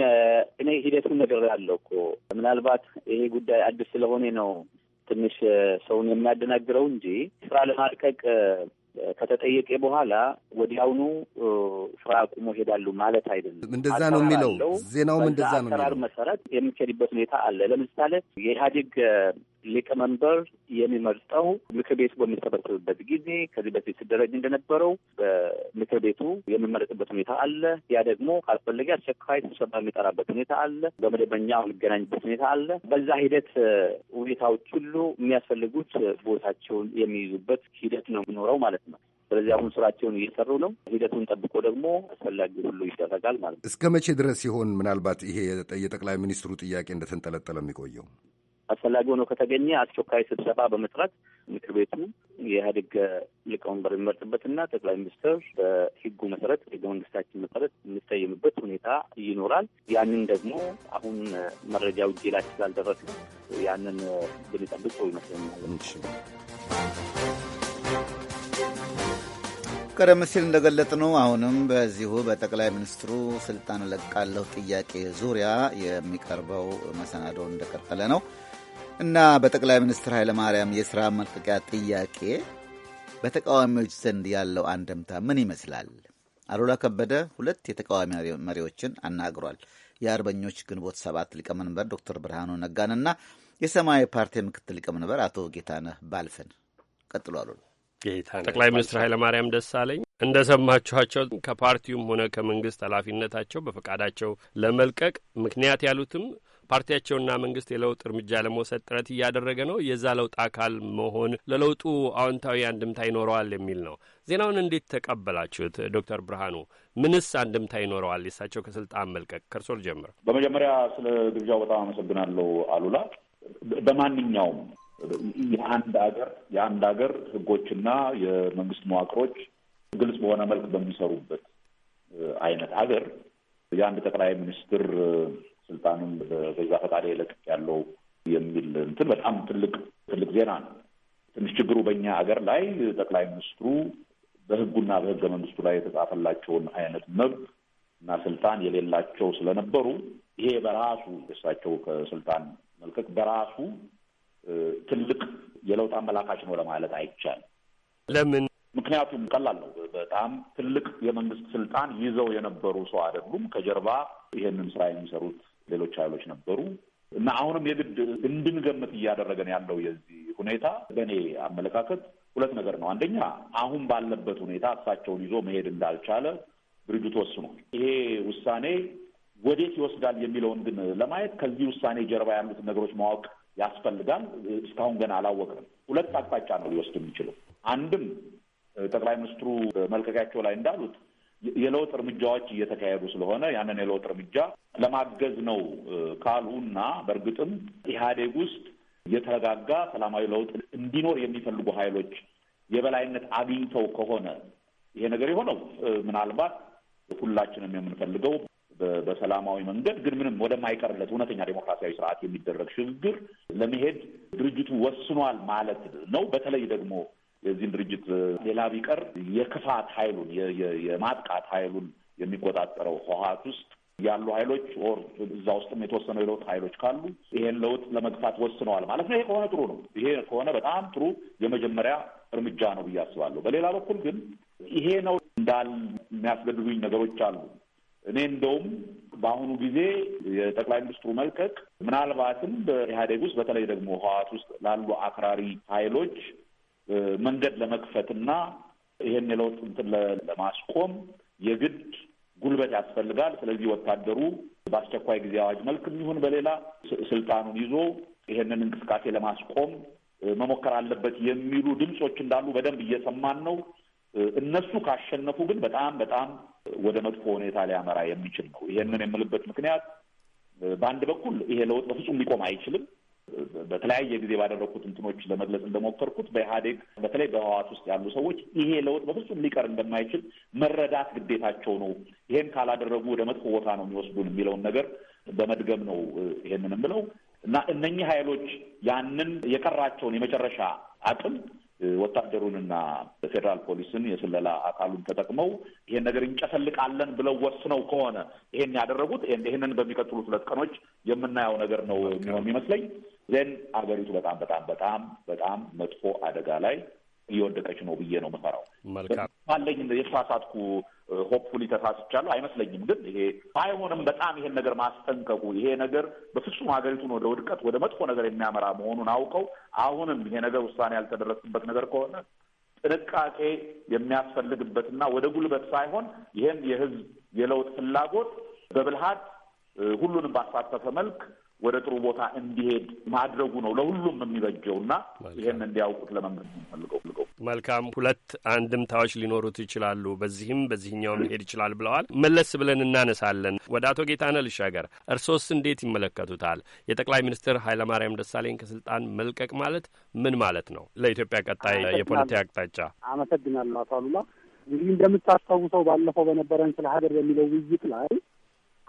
እኔ ሂደቱን ነገር አለው እኮ ምናልባት ይሄ ጉዳይ አዲስ ስለሆነ ነው ትንሽ ሰውን የሚያደናግረው እንጂ ስራ ለማልቀቅ ከተጠየቀ በኋላ ወዲያውኑ ስራ አቁሞ ሄዳሉ ማለት አይደለም። እንደዛ ነው የሚለው ዜናውም እንደዛ ነው። አሰራር መሰረት የሚካሄድበት ሁኔታ አለ። ለምሳሌ የኢህአዴግ ሊቀመንበር የሚመርጠው ምክር ቤቱ በሚሰበሰብበት ጊዜ ከዚህ በፊት ሲደረግ እንደነበረው በምክር ቤቱ የሚመረጥበት ሁኔታ አለ። ያ ደግሞ ካልፈለገ አስቸኳይ ስብሰባ የሚጠራበት ሁኔታ አለ። በመደበኛ የሚገናኝበት ሁኔታ አለ። በዛ ሂደት ሁኔታዎች ሁሉ የሚያስፈልጉት ቦታቸውን የሚይዙበት ሂደት ነው የሚኖረው ማለት ነው። ስለዚህ አሁን ስራቸውን እየሰሩ ነው። ሂደቱን ጠብቆ ደግሞ አስፈላጊ ሁሉ ይደረጋል ማለት ነው። እስከ መቼ ድረስ ሲሆን ምናልባት ይሄ የጠቅላይ ሚኒስትሩ ጥያቄ እንደተንጠለጠለ የሚቆየው አስፈላጊ ሆኖ ከተገኘ አስቸኳይ ስብሰባ በመጥራት ምክር ቤቱ የኢህአዴግ ሊቀመንበር የሚመርጥበትና ጠቅላይ ሚኒስትር በህጉ መሰረት ህገ መንግስታችን መሰረት የሚሰየምበት ሁኔታ ይኖራል። ያንን ደግሞ አሁን መረጃው እጄ ላይ ስላልደረሰ ያንን ብንጠብቅ ይመስለኛል። ቀደም ሲል ነው። አሁንም በዚሁ በጠቅላይ ሚኒስትሩ ስልጣን እለቃለሁ ጥያቄ ዙሪያ የሚቀርበው መሰናዶ እንደቀጠለ ነው። እና በጠቅላይ ሚኒስትር ኃይለማርያም የሥራ መልቀቂያ ጥያቄ በተቃዋሚዎች ዘንድ ያለው አንድምታ ምን ይመስላል? አሉላ ከበደ ሁለት የተቃዋሚ መሪዎችን አናግሯል። የአርበኞች ግንቦት ሰባት ሊቀመንበር ዶክተር ብርሃኑ ነጋንና የሰማያዊ ፓርቲ ምክትል ሊቀመንበር አቶ ጌታነህ ባልፈን ቀጥሎ አሉ። ጠቅላይ ሚኒስትር ኃይለማርያም ደሳለኝ እንደ ሰማችኋቸው ከፓርቲውም ሆነ ከመንግስት ኃላፊነታቸው በፈቃዳቸው ለመልቀቅ ምክንያት ያሉትም ፓርቲያቸውና መንግስት የለውጥ እርምጃ ለመውሰድ ጥረት እያደረገ ነው፣ የዛ ለውጥ አካል መሆን ለለውጡ አዎንታዊ አንድምታ ይኖረዋል የሚል ነው። ዜናውን እንዴት ተቀበላችሁት? ዶክተር ብርሃኑ ምንስ አንድምታ ይኖረዋል የእሳቸው ከስልጣን መልቀቅ? ከርሶ ልጀምር። በመጀመሪያ ስለ ግብዣው በጣም አመሰግናለሁ አሉላ። በማንኛውም የአንድ ሀገር የአንድ ሀገር ህጎችና የመንግስት መዋቅሮች ግልጽ በሆነ መልክ በሚሰሩበት አይነት ሀገር የአንድ ጠቅላይ ሚኒስትር ስልጣኑን በገዛ ፈቃዴ ለቅ ያለው የሚል እንትን በጣም ትልቅ ትልቅ ዜና ነው። ትንሽ ችግሩ በእኛ ሀገር ላይ ጠቅላይ ሚኒስትሩ በህጉና በህገ መንግስቱ ላይ የተጻፈላቸውን አይነት መብት እና ስልጣን የሌላቸው ስለነበሩ ይሄ በራሱ እሳቸው ከስልጣን መልቀቅ በራሱ ትልቅ የለውጥ አመላካች ነው ለማለት አይቻልም። ለምን? ምክንያቱም ቀላል ነው። በጣም ትልቅ የመንግስት ስልጣን ይዘው የነበሩ ሰው አይደሉም። ከጀርባ ይሄንን ስራ የሚሰሩት ሌሎች ኃይሎች ነበሩ እና አሁንም የግድ እንድንገምት እያደረገን ያለው የዚህ ሁኔታ በእኔ አመለካከት ሁለት ነገር ነው። አንደኛ አሁን ባለበት ሁኔታ እሳቸውን ይዞ መሄድ እንዳልቻለ ድርጅቱ ወስኗል። ይሄ ውሳኔ ወዴት ይወስዳል የሚለውን ግን ለማየት ከዚህ ውሳኔ ጀርባ ያሉትን ነገሮች ማወቅ ያስፈልጋል። እስካሁን ገና አላወቅንም። ሁለት አቅጣጫ ነው ሊወስድ የሚችለው። አንድም ጠቅላይ ሚኒስትሩ መልቀቂያቸው ላይ እንዳሉት የለውጥ እርምጃዎች እየተካሄዱ ስለሆነ ያንን የለውጥ እርምጃ ለማገዝ ነው ካሉና በእርግጥም ኢህአዴግ ውስጥ የተረጋጋ ሰላማዊ ለውጥ እንዲኖር የሚፈልጉ ኃይሎች የበላይነት አግኝተው ከሆነ ይሄ ነገር የሆነው ምናልባት ሁላችንም የምንፈልገው በሰላማዊ መንገድ ግን ምንም ወደማይቀርለት እውነተኛ ዴሞክራሲያዊ ስርዓት የሚደረግ ሽግግር ለመሄድ ድርጅቱ ወስኗል ማለት ነው። በተለይ ደግሞ የዚህን ድርጅት ሌላ ቢቀር የክፋት ኃይሉን የማጥቃት ኃይሉን የሚቆጣጠረው ህወሀት ውስጥ ያሉ ኃይሎች ኦር እዛ ውስጥም የተወሰኑ የለውጥ ኃይሎች ካሉ ይሄን ለውጥ ለመግፋት ወስነዋል ማለት ነው። ይሄ ከሆነ ጥሩ ነው። ይሄ ከሆነ በጣም ጥሩ የመጀመሪያ እርምጃ ነው ብዬ አስባለሁ። በሌላ በኩል ግን ይሄ ነው እንዳል የሚያስገድዱኝ ነገሮች አሉ። እኔ እንደውም በአሁኑ ጊዜ የጠቅላይ ሚኒስትሩ መልቀቅ ምናልባትም በኢህአዴግ ውስጥ በተለይ ደግሞ ህወሀት ውስጥ ላሉ አክራሪ ኃይሎች መንገድ ለመክፈት እና የለውጥ እንትን ለማስቆም የግድ ጉልበት ያስፈልጋል። ስለዚህ ወታደሩ በአስቸኳይ ጊዜ አዋጅ መልክም ይሁን በሌላ ስልጣኑን ይዞ ይሄንን እንቅስቃሴ ለማስቆም መሞከር አለበት የሚሉ ድምፆች እንዳሉ በደንብ እየሰማን ነው። እነሱ ካሸነፉ ግን በጣም በጣም ወደ መጥፎ ሁኔታ ሊያመራ የሚችል ነው። ይሄንን የምልበት ምክንያት በአንድ በኩል ይሄ ለውጥ በፍጹም ሊቆም አይችልም። በተለያየ ጊዜ ባደረግኩት እንትኖች ለመግለጽ እንደሞከርኩት በኢህአዴግ በተለይ በህዋት ውስጥ ያሉ ሰዎች ይሄ ለውጥ በፍጹም ሊቀር እንደማይችል መረዳት ግዴታቸው ነው። ይሄን ካላደረጉ ወደ መጥፎ ቦታ ነው የሚወስዱን የሚለውን ነገር በመድገም ነው ይሄንን ብለው እና እነኚህ ኃይሎች ያንን የቀራቸውን የመጨረሻ አቅም ወታደሩንና ፌዴራል ፖሊስን የስለላ አካሉን ተጠቅመው ይሄን ነገር እንጨፈልቃለን ብለው ወስነው ከሆነ ይሄን ያደረጉት ይህንን በሚቀጥሉት ሁለት ቀኖች የምናየው ነገር ነው የሚመስለኝ። ዘን አገሪቱ በጣም በጣም በጣም በጣም መጥፎ አደጋ ላይ እየወደቀች ነው ብዬ ነው የምፈራው። መልካም ባለኝ የተሳሳትኩ ሆፕፉሊ ተሳስቻለሁ አይመስለኝም። ግን ይሄ ባይሆንም በጣም ይሄን ነገር ማስጠንቀቁ ይሄ ነገር በፍጹም ሀገሪቱን ወደ ውድቀት ወደ መጥፎ ነገር የሚያመራ መሆኑን አውቀው አሁንም ይሄ ነገር ውሳኔ ያልተደረስበት ነገር ከሆነ ጥንቃቄ የሚያስፈልግበትና ወደ ጉልበት ሳይሆን ይህን የህዝብ የለውጥ ፍላጎት በብልሃት ሁሉንም ባሳተፈ መልክ ወደ ጥሩ ቦታ እንዲሄድ ማድረጉ ነው ለሁሉም የሚበጀው እና ይህን እንዲያውቁት ለመንግስት እንፈልገው። መልካም ሁለት አንድምታዎች ሊኖሩት ይችላሉ። በዚህም በዚህኛው መሄድ ይችላል ብለዋል። መለስ ብለን እናነሳለን። ወደ አቶ ጌታነ ልሻገር። እርሶስ እንዴት ይመለከቱታል? የጠቅላይ ሚኒስትር ኃይለማርያም ደሳለኝ ከስልጣን መልቀቅ ማለት ምን ማለት ነው? ለኢትዮጵያ ቀጣይ የፖለቲካ አቅጣጫ። አመሰግናለሁ አቶ አሉላ። እንግዲህ እንደምታስታውሰው ባለፈው በነበረን ስለ ሀገር በሚለው ውይይት ላይ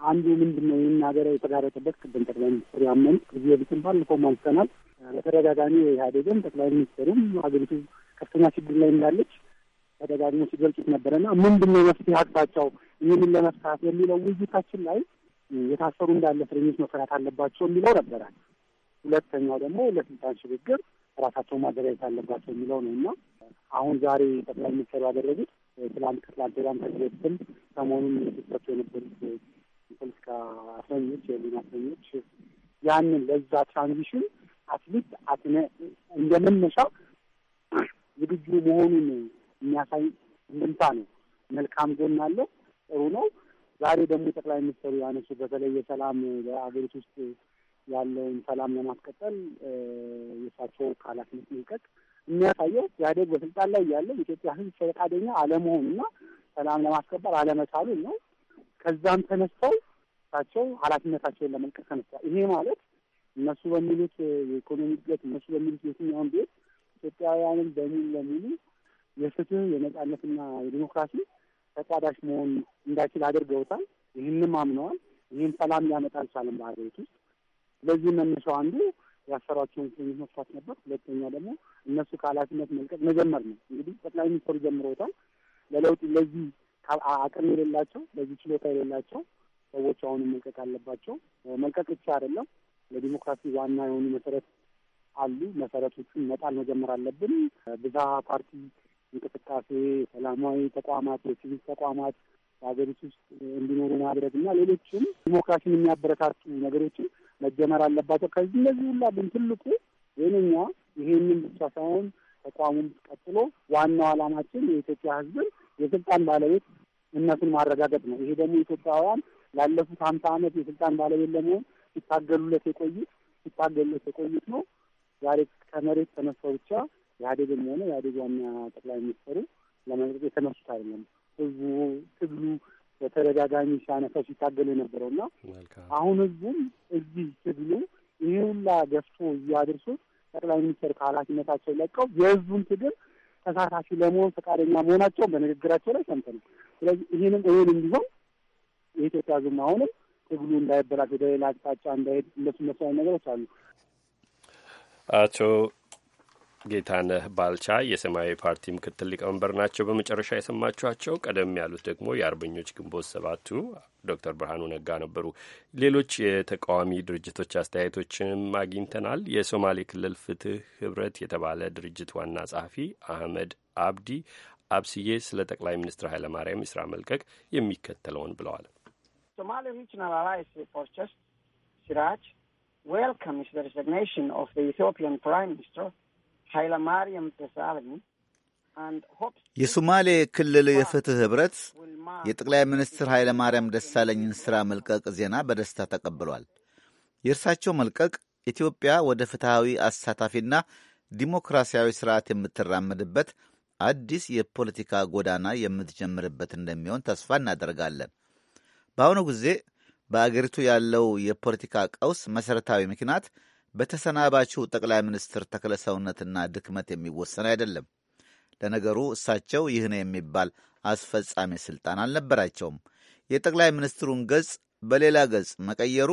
አንዱ ምንድን ነው ይህን ሀገር የተጋረጠበት ቅድም ጠቅላይ ሚኒስትሩ ያመኑ ጊዜ ብትም ባለፈው ማንስተናል በተደጋጋሚ ኢህአዴግም ጠቅላይ ሚኒስትሩም ሀገሪቱ ከፍተኛ ችግር ላይ እንዳለች ተደጋግሞ ሲገልጹት ነበረና ምንድን ነው መፍትሄ ሀቅባቸው ይህንን ለመፍታት የሚለው ውይይታችን ላይ የታሰሩ እንዳለ እስረኞች መፈታት አለባቸው የሚለው ነበረ። ሁለተኛው ደግሞ ለስልጣን ሽግግር ራሳቸው ማዘጋጀት አለባቸው የሚለው ነው እና አሁን ዛሬ ጠቅላይ ሚኒስትሩ ያደረጉት ትላንት ከትላንት ወዲያም ከዚህ በፊትም ሰሞኑን ሲሰጡ የነበሩት የፖለቲካ እስረኞች፣ የህሊና እስረኞች ያንን ለዛ ትራንዚሽን አትሊስት አትነ እንደመነሻው ዝግጁ መሆኑን የሚያሳይ እንድምታ ነው። መልካም ጎን አለው፣ ጥሩ ነው። ዛሬ ደግሞ ጠቅላይ ሚኒስትሩ ያነሱ በተለይ የሰላም በሀገሪቱ ውስጥ ያለውን ሰላም ለማስቀጠል የእሳቸው ኃላፊነት መልቀቅ የሚያሳየው ኢህአዴግ በስልጣን ላይ ያለ ኢትዮጵያ ህዝብ ፈቃደኛ አለመሆኑና ሰላም ለማስከበር አለመቻሉን ነው። ከዛም ተነስተው እሳቸው ኃላፊነታቸውን ለመልቀቅ ተነስተዋል። ይሄ ማለት እነሱ በሚሉት የኢኮኖሚ እድገት እነሱ በሚሉት የትኛውን ቤት ኢትዮጵያውያንን በሙሉ ለሙሉ የፍትህ የነጻነትና የዲሞክራሲ ተቋዳሽ መሆን እንዳይችል አድርገውታል። ይህንም አምነዋል። ይህም ሰላም ሊያመጣ አልቻለም በሀገሪቱ ውስጥ። ስለዚህ መነሻው አንዱ ያሰሯቸውን እስረኞች መፍታት ነበር። ሁለተኛ ደግሞ እነሱ ከኃላፊነት መልቀቅ መጀመር ነው። እንግዲህ ጠቅላይ ሚኒስትሩ ጀምረውታል። ለለውጥ ለዚህ አቅም የሌላቸው ለዚህ ችሎታ የሌላቸው ሰዎች አሁንም መልቀቅ አለባቸው። መልቀቅ ብቻ አይደለም፣ ለዲሞክራሲ ዋና የሆኑ መሰረት አሉ። መሰረቶቹን መጣል መጀመር አለብን። ብዝሃ ፓርቲ እንቅስቃሴ፣ ሰላማዊ ተቋማት፣ የሲቪል ተቋማት በሀገሪቱ ውስጥ እንዲኖሩ ማድረግ እና ሌሎችም ዲሞክራሲን የሚያበረታቱ ነገሮችን መጀመር አለባቸው። ከዚህ እነዚህ ሁላብን ትልቁ የእኛ ይሄንን ብቻ ሳይሆን ተቋሙን ቀጥሎ ዋናው ዓላማችን የኢትዮጵያ ሕዝብን የስልጣን ባለቤት እነሱን ማረጋገጥ ነው። ይሄ ደግሞ ኢትዮጵያውያን ላለፉት ሀምሳ አመት የስልጣን ባለቤት ለመሆን ሲታገሉለት የቆዩት ሲታገሉለት የቆዩት ነው። ዛሬ ከመሬት ተነስተው ብቻ ኢህአዴግም ሆነ ኢህአዴግ ዋና ጠቅላይ ሚኒስትሩ ለመምረጥ የተነሱት አይደለም። ህዝቡ ትግሉ በተደጋጋሚ ሲያነሳው ሲታገሉ የነበረው እና አሁን ህዝቡም እዚህ ትግሉ ይህ ሁላ ገፍቶ እያደርሱት ጠቅላይ ሚኒስትር ከኃላፊነታቸው ለቀው የህዝቡን ትግል ተሳታፊ ለመሆን ፈቃደኛ መሆናቸውን በንግግራቸው ላይ ሰምተናል። ስለዚህ ይህንም ይህን እንዲሆን የኢትዮጵያ ዝም አሁንም ትግሉ እንዳይበላሽ ወደ ሌላ አቅጣጫ እንዳይሄድ እነሱ መሰል ነገሮች አሉ አቶ ጌታነህ ባልቻ የሰማያዊ ፓርቲ ምክትል ሊቀመንበር ናቸው። በመጨረሻ የሰማችኋቸው ቀደም ያሉት ደግሞ የአርበኞች ግንቦት ሰባቱ ዶክተር ብርሃኑ ነጋ ነበሩ። ሌሎች የተቃዋሚ ድርጅቶች አስተያየቶችንም አግኝተናል። የሶማሌ ክልል ፍትህ ህብረት የተባለ ድርጅት ዋና ጸሐፊ አህመድ አብዲ አብስዬ ስለ ጠቅላይ ሚኒስትር ኃይለማርያም የስራ መልቀቅ የሚከተለውን ብለዋል። ሲራጅ ዌልካምስ ዘ ኦፍ ኢትዮጵያን ፕራይም ሚኒስትር ኃይለማርያም ደሳለኝ የሶማሌ ክልል የፍትህ ኅብረት የጠቅላይ ሚኒስትር ኃይለ ማርያም ደሳለኝን ሥራ መልቀቅ ዜና በደስታ ተቀብሏል። የእርሳቸው መልቀቅ ኢትዮጵያ ወደ ፍትሐዊ አሳታፊና ዲሞክራሲያዊ ሥርዓት የምትራመድበት አዲስ የፖለቲካ ጎዳና የምትጀምርበት እንደሚሆን ተስፋ እናደርጋለን። በአሁኑ ጊዜ በአገሪቱ ያለው የፖለቲካ ቀውስ መሠረታዊ ምክንያት በተሰናባችው ጠቅላይ ሚኒስትር ተክለሰውነትና ድክመት የሚወሰን አይደለም። ለነገሩ እሳቸው ይህን የሚባል አስፈጻሚ ስልጣን አልነበራቸውም። የጠቅላይ ሚኒስትሩን ገጽ በሌላ ገጽ መቀየሩ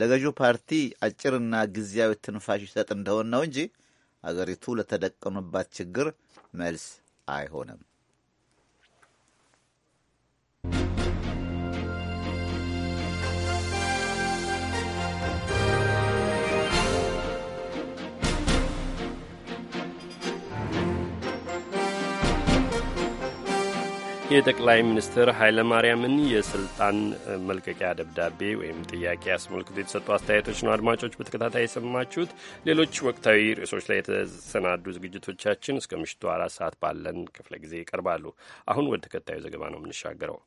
ለገዢው ፓርቲ አጭርና ጊዜያዊ ትንፋሽ ይሰጥ እንደሆን ነው እንጂ አገሪቱ ለተደቀኑባት ችግር መልስ አይሆንም። የጠቅላይ ሚኒስትር ኃይለማርያምን የስልጣን መልቀቂያ ደብዳቤ ወይም ጥያቄ አስመልክቶ የተሰጡ አስተያየቶች ነው አድማጮች በተከታታይ የሰማችሁት። ሌሎች ወቅታዊ ርዕሶች ላይ የተሰናዱ ዝግጅቶቻችን እስከ ምሽቱ አራት ሰዓት ባለን ክፍለ ጊዜ ይቀርባሉ። አሁን ወደ ተከታዩ ዘገባ ነው የምንሻገረው።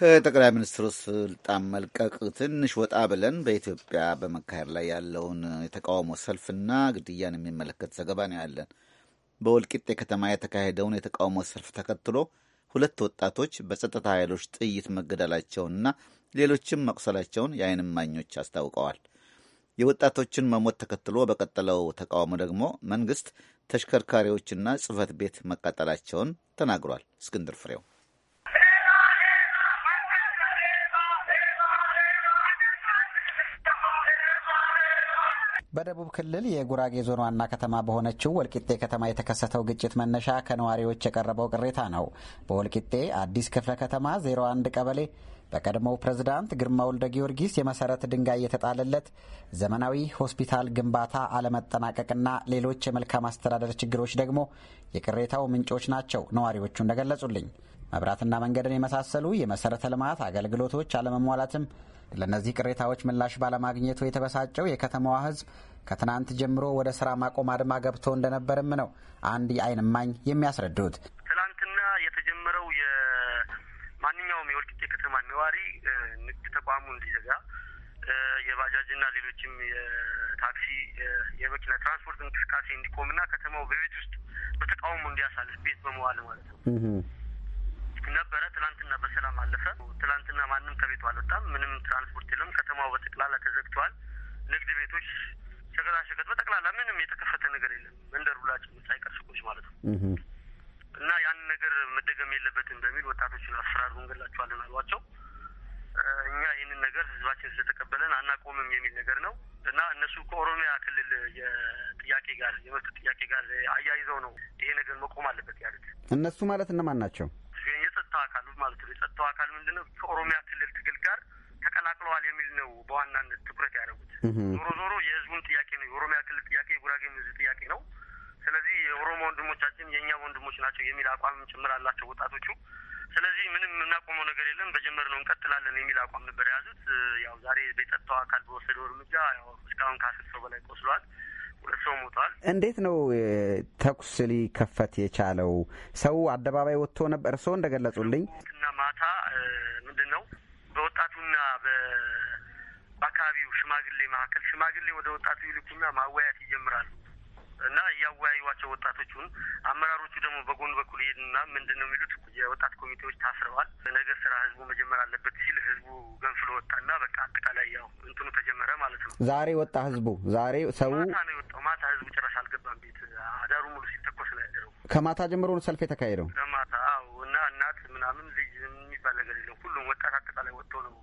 ከጠቅላይ ሚኒስትሩ ስልጣን መልቀቅ ትንሽ ወጣ ብለን በኢትዮጵያ በመካሄድ ላይ ያለውን የተቃውሞ ሰልፍና ግድያን የሚመለከት ዘገባ ነው ያለን። በወልቂጤ ከተማ የተካሄደውን የተቃውሞ ሰልፍ ተከትሎ ሁለት ወጣቶች በጸጥታ ኃይሎች ጥይት መገደላቸውንና ሌሎችም መቁሰላቸውን የዓይን እማኞች አስታውቀዋል። የወጣቶችን መሞት ተከትሎ በቀጠለው ተቃውሞ ደግሞ መንግስት ተሽከርካሪዎችና ጽህፈት ቤት መቃጠላቸውን ተናግሯል። እስክንድር ፍሬው በደቡብ ክልል የጉራጌ ዞን ዋና ከተማ በሆነችው ወልቂጤ ከተማ የተከሰተው ግጭት መነሻ ከነዋሪዎች የቀረበው ቅሬታ ነው። በወልቂጤ አዲስ ክፍለ ከተማ 01 ቀበሌ በቀድሞው ፕሬዝዳንት ግርማ ወልደ ጊዮርጊስ የመሰረት ድንጋይ የተጣለለት ዘመናዊ ሆስፒታል ግንባታ አለመጠናቀቅና ሌሎች የመልካም አስተዳደር ችግሮች ደግሞ የቅሬታው ምንጮች ናቸው ነዋሪዎቹ እንደገለጹልኝ። መብራትና መንገድን የመሳሰሉ የመሰረተ ልማት አገልግሎቶች አለመሟላትም ለእነዚህ ቅሬታዎች ምላሽ ባለማግኘቱ የተበሳጨው የከተማዋ ሕዝብ ከትናንት ጀምሮ ወደ ስራ ማቆም አድማ ገብቶ እንደነበርም ነው አንድ የዓይን እማኝ የሚያስረዱት። ትናንትና የተጀመረው የማንኛውም የወልቂጤ ከተማ ነዋሪ ንግድ ተቋሙ እንዲዘጋ የባጃጅና ሌሎችም የታክሲ የመኪና ትራንስፖርት እንቅስቃሴ እንዲቆምና ከተማው በቤት ውስጥ በተቃውሞ እንዲያሳልፍ ቤት በመዋል ማለት ነው ነበረ። ትላንትና በሰላም አለፈ። ትላንትና ማንም ከቤቱ አልወጣም። ምንም ትራንስፖርት የለም። ከተማው በጠቅላላ ተዘግተዋል። ንግድ ቤቶች፣ ሸቀጣሸቀጥ በጠቅላላ ምንም የተከፈተ ነገር የለም። መንደር ሁላችን ሳይቀር ሱቆች ማለት ነው እና ያን ነገር መደገም የለበትም በሚል ወጣቶችን አስፈራሩ እንገላቸዋለን አሏቸው። እኛ ይህንን ነገር ህዝባችን ስለተቀበለን አናቆምም የሚል ነገር ነው እና እነሱ ከኦሮሚያ ክልል የጥያቄ ጋር የመብት ጥያቄ ጋር አያይዘው ነው ይሄ ነገር መቆም አለበት ያሉት። እነሱ ማለት እነማን ናቸው? የጸጥታው አካል ማለት ነው። የጸጥታው አካል ምንድን ነው ከኦሮሚያ ክልል ትግል ጋር ተቀላቅለዋል የሚል ነው በዋናነት ትኩረት ያደረጉት። ዞሮ ዞሮ የህዝቡን ጥያቄ ነው፣ የኦሮሚያ ክልል ጥያቄ፣ የጉራጌ ህዝብ ጥያቄ ነው። ስለዚህ የኦሮሞ ወንድሞቻችን የእኛ ወንድሞች ናቸው የሚል አቋም ጭምር አላቸው ወጣቶቹ። ስለዚህ ምንም የምናቆመው ነገር የለም ነው እንቀጥላለን የሚል አቋም ነበር የያዙት። ያው ዛሬ የጸጥታው አካል በወሰደው እርምጃ ያው እስካሁን ከአስር ሰው በላይ ቆስሏል። ሁለት ሰው ሞቷል። እንዴት ነው ተኩስ ሊከፈት የቻለው? ሰው አደባባይ ወጥቶ ነበር? እርስዎ እንደገለጹልኝ እና ማታ ምንድን ነው በወጣቱና በአካባቢው ሽማግሌ መካከል ሽማግሌ ወደ ወጣቱ ይልኩና ማወያት ይጀምራሉ። እና እያወያዩቸው ወጣቶቹን አመራሮቹ ደግሞ በጎን በኩል ይሄድና ምንድን ነው የሚሉት የወጣት ኮሚቴዎች ታስረዋል፣ ነገ ስራ ህዝቡ መጀመር አለበት ሲል ህዝቡ ገንፍሎ ወጣና በቃ አጠቃላይ ያው እንትኑ ተጀመረ ማለት ነው። ዛሬ ወጣ ህዝቡ ዛሬ ሰው ማታ ነው የወጣው። ማታ ህዝቡ ጭራሽ አልገባም ቤት፣ አዳሩ ሙሉ ሲተኮስ ነው ያደረው። ከማታ ጀምሮ ነው ሰልፍ የተካሄደው። ከማታ እና እናት ምናምን ልጅ የሚባል ነገር የለው ሁሉም ወጣት አጠቃላይ ወጥቶ ነው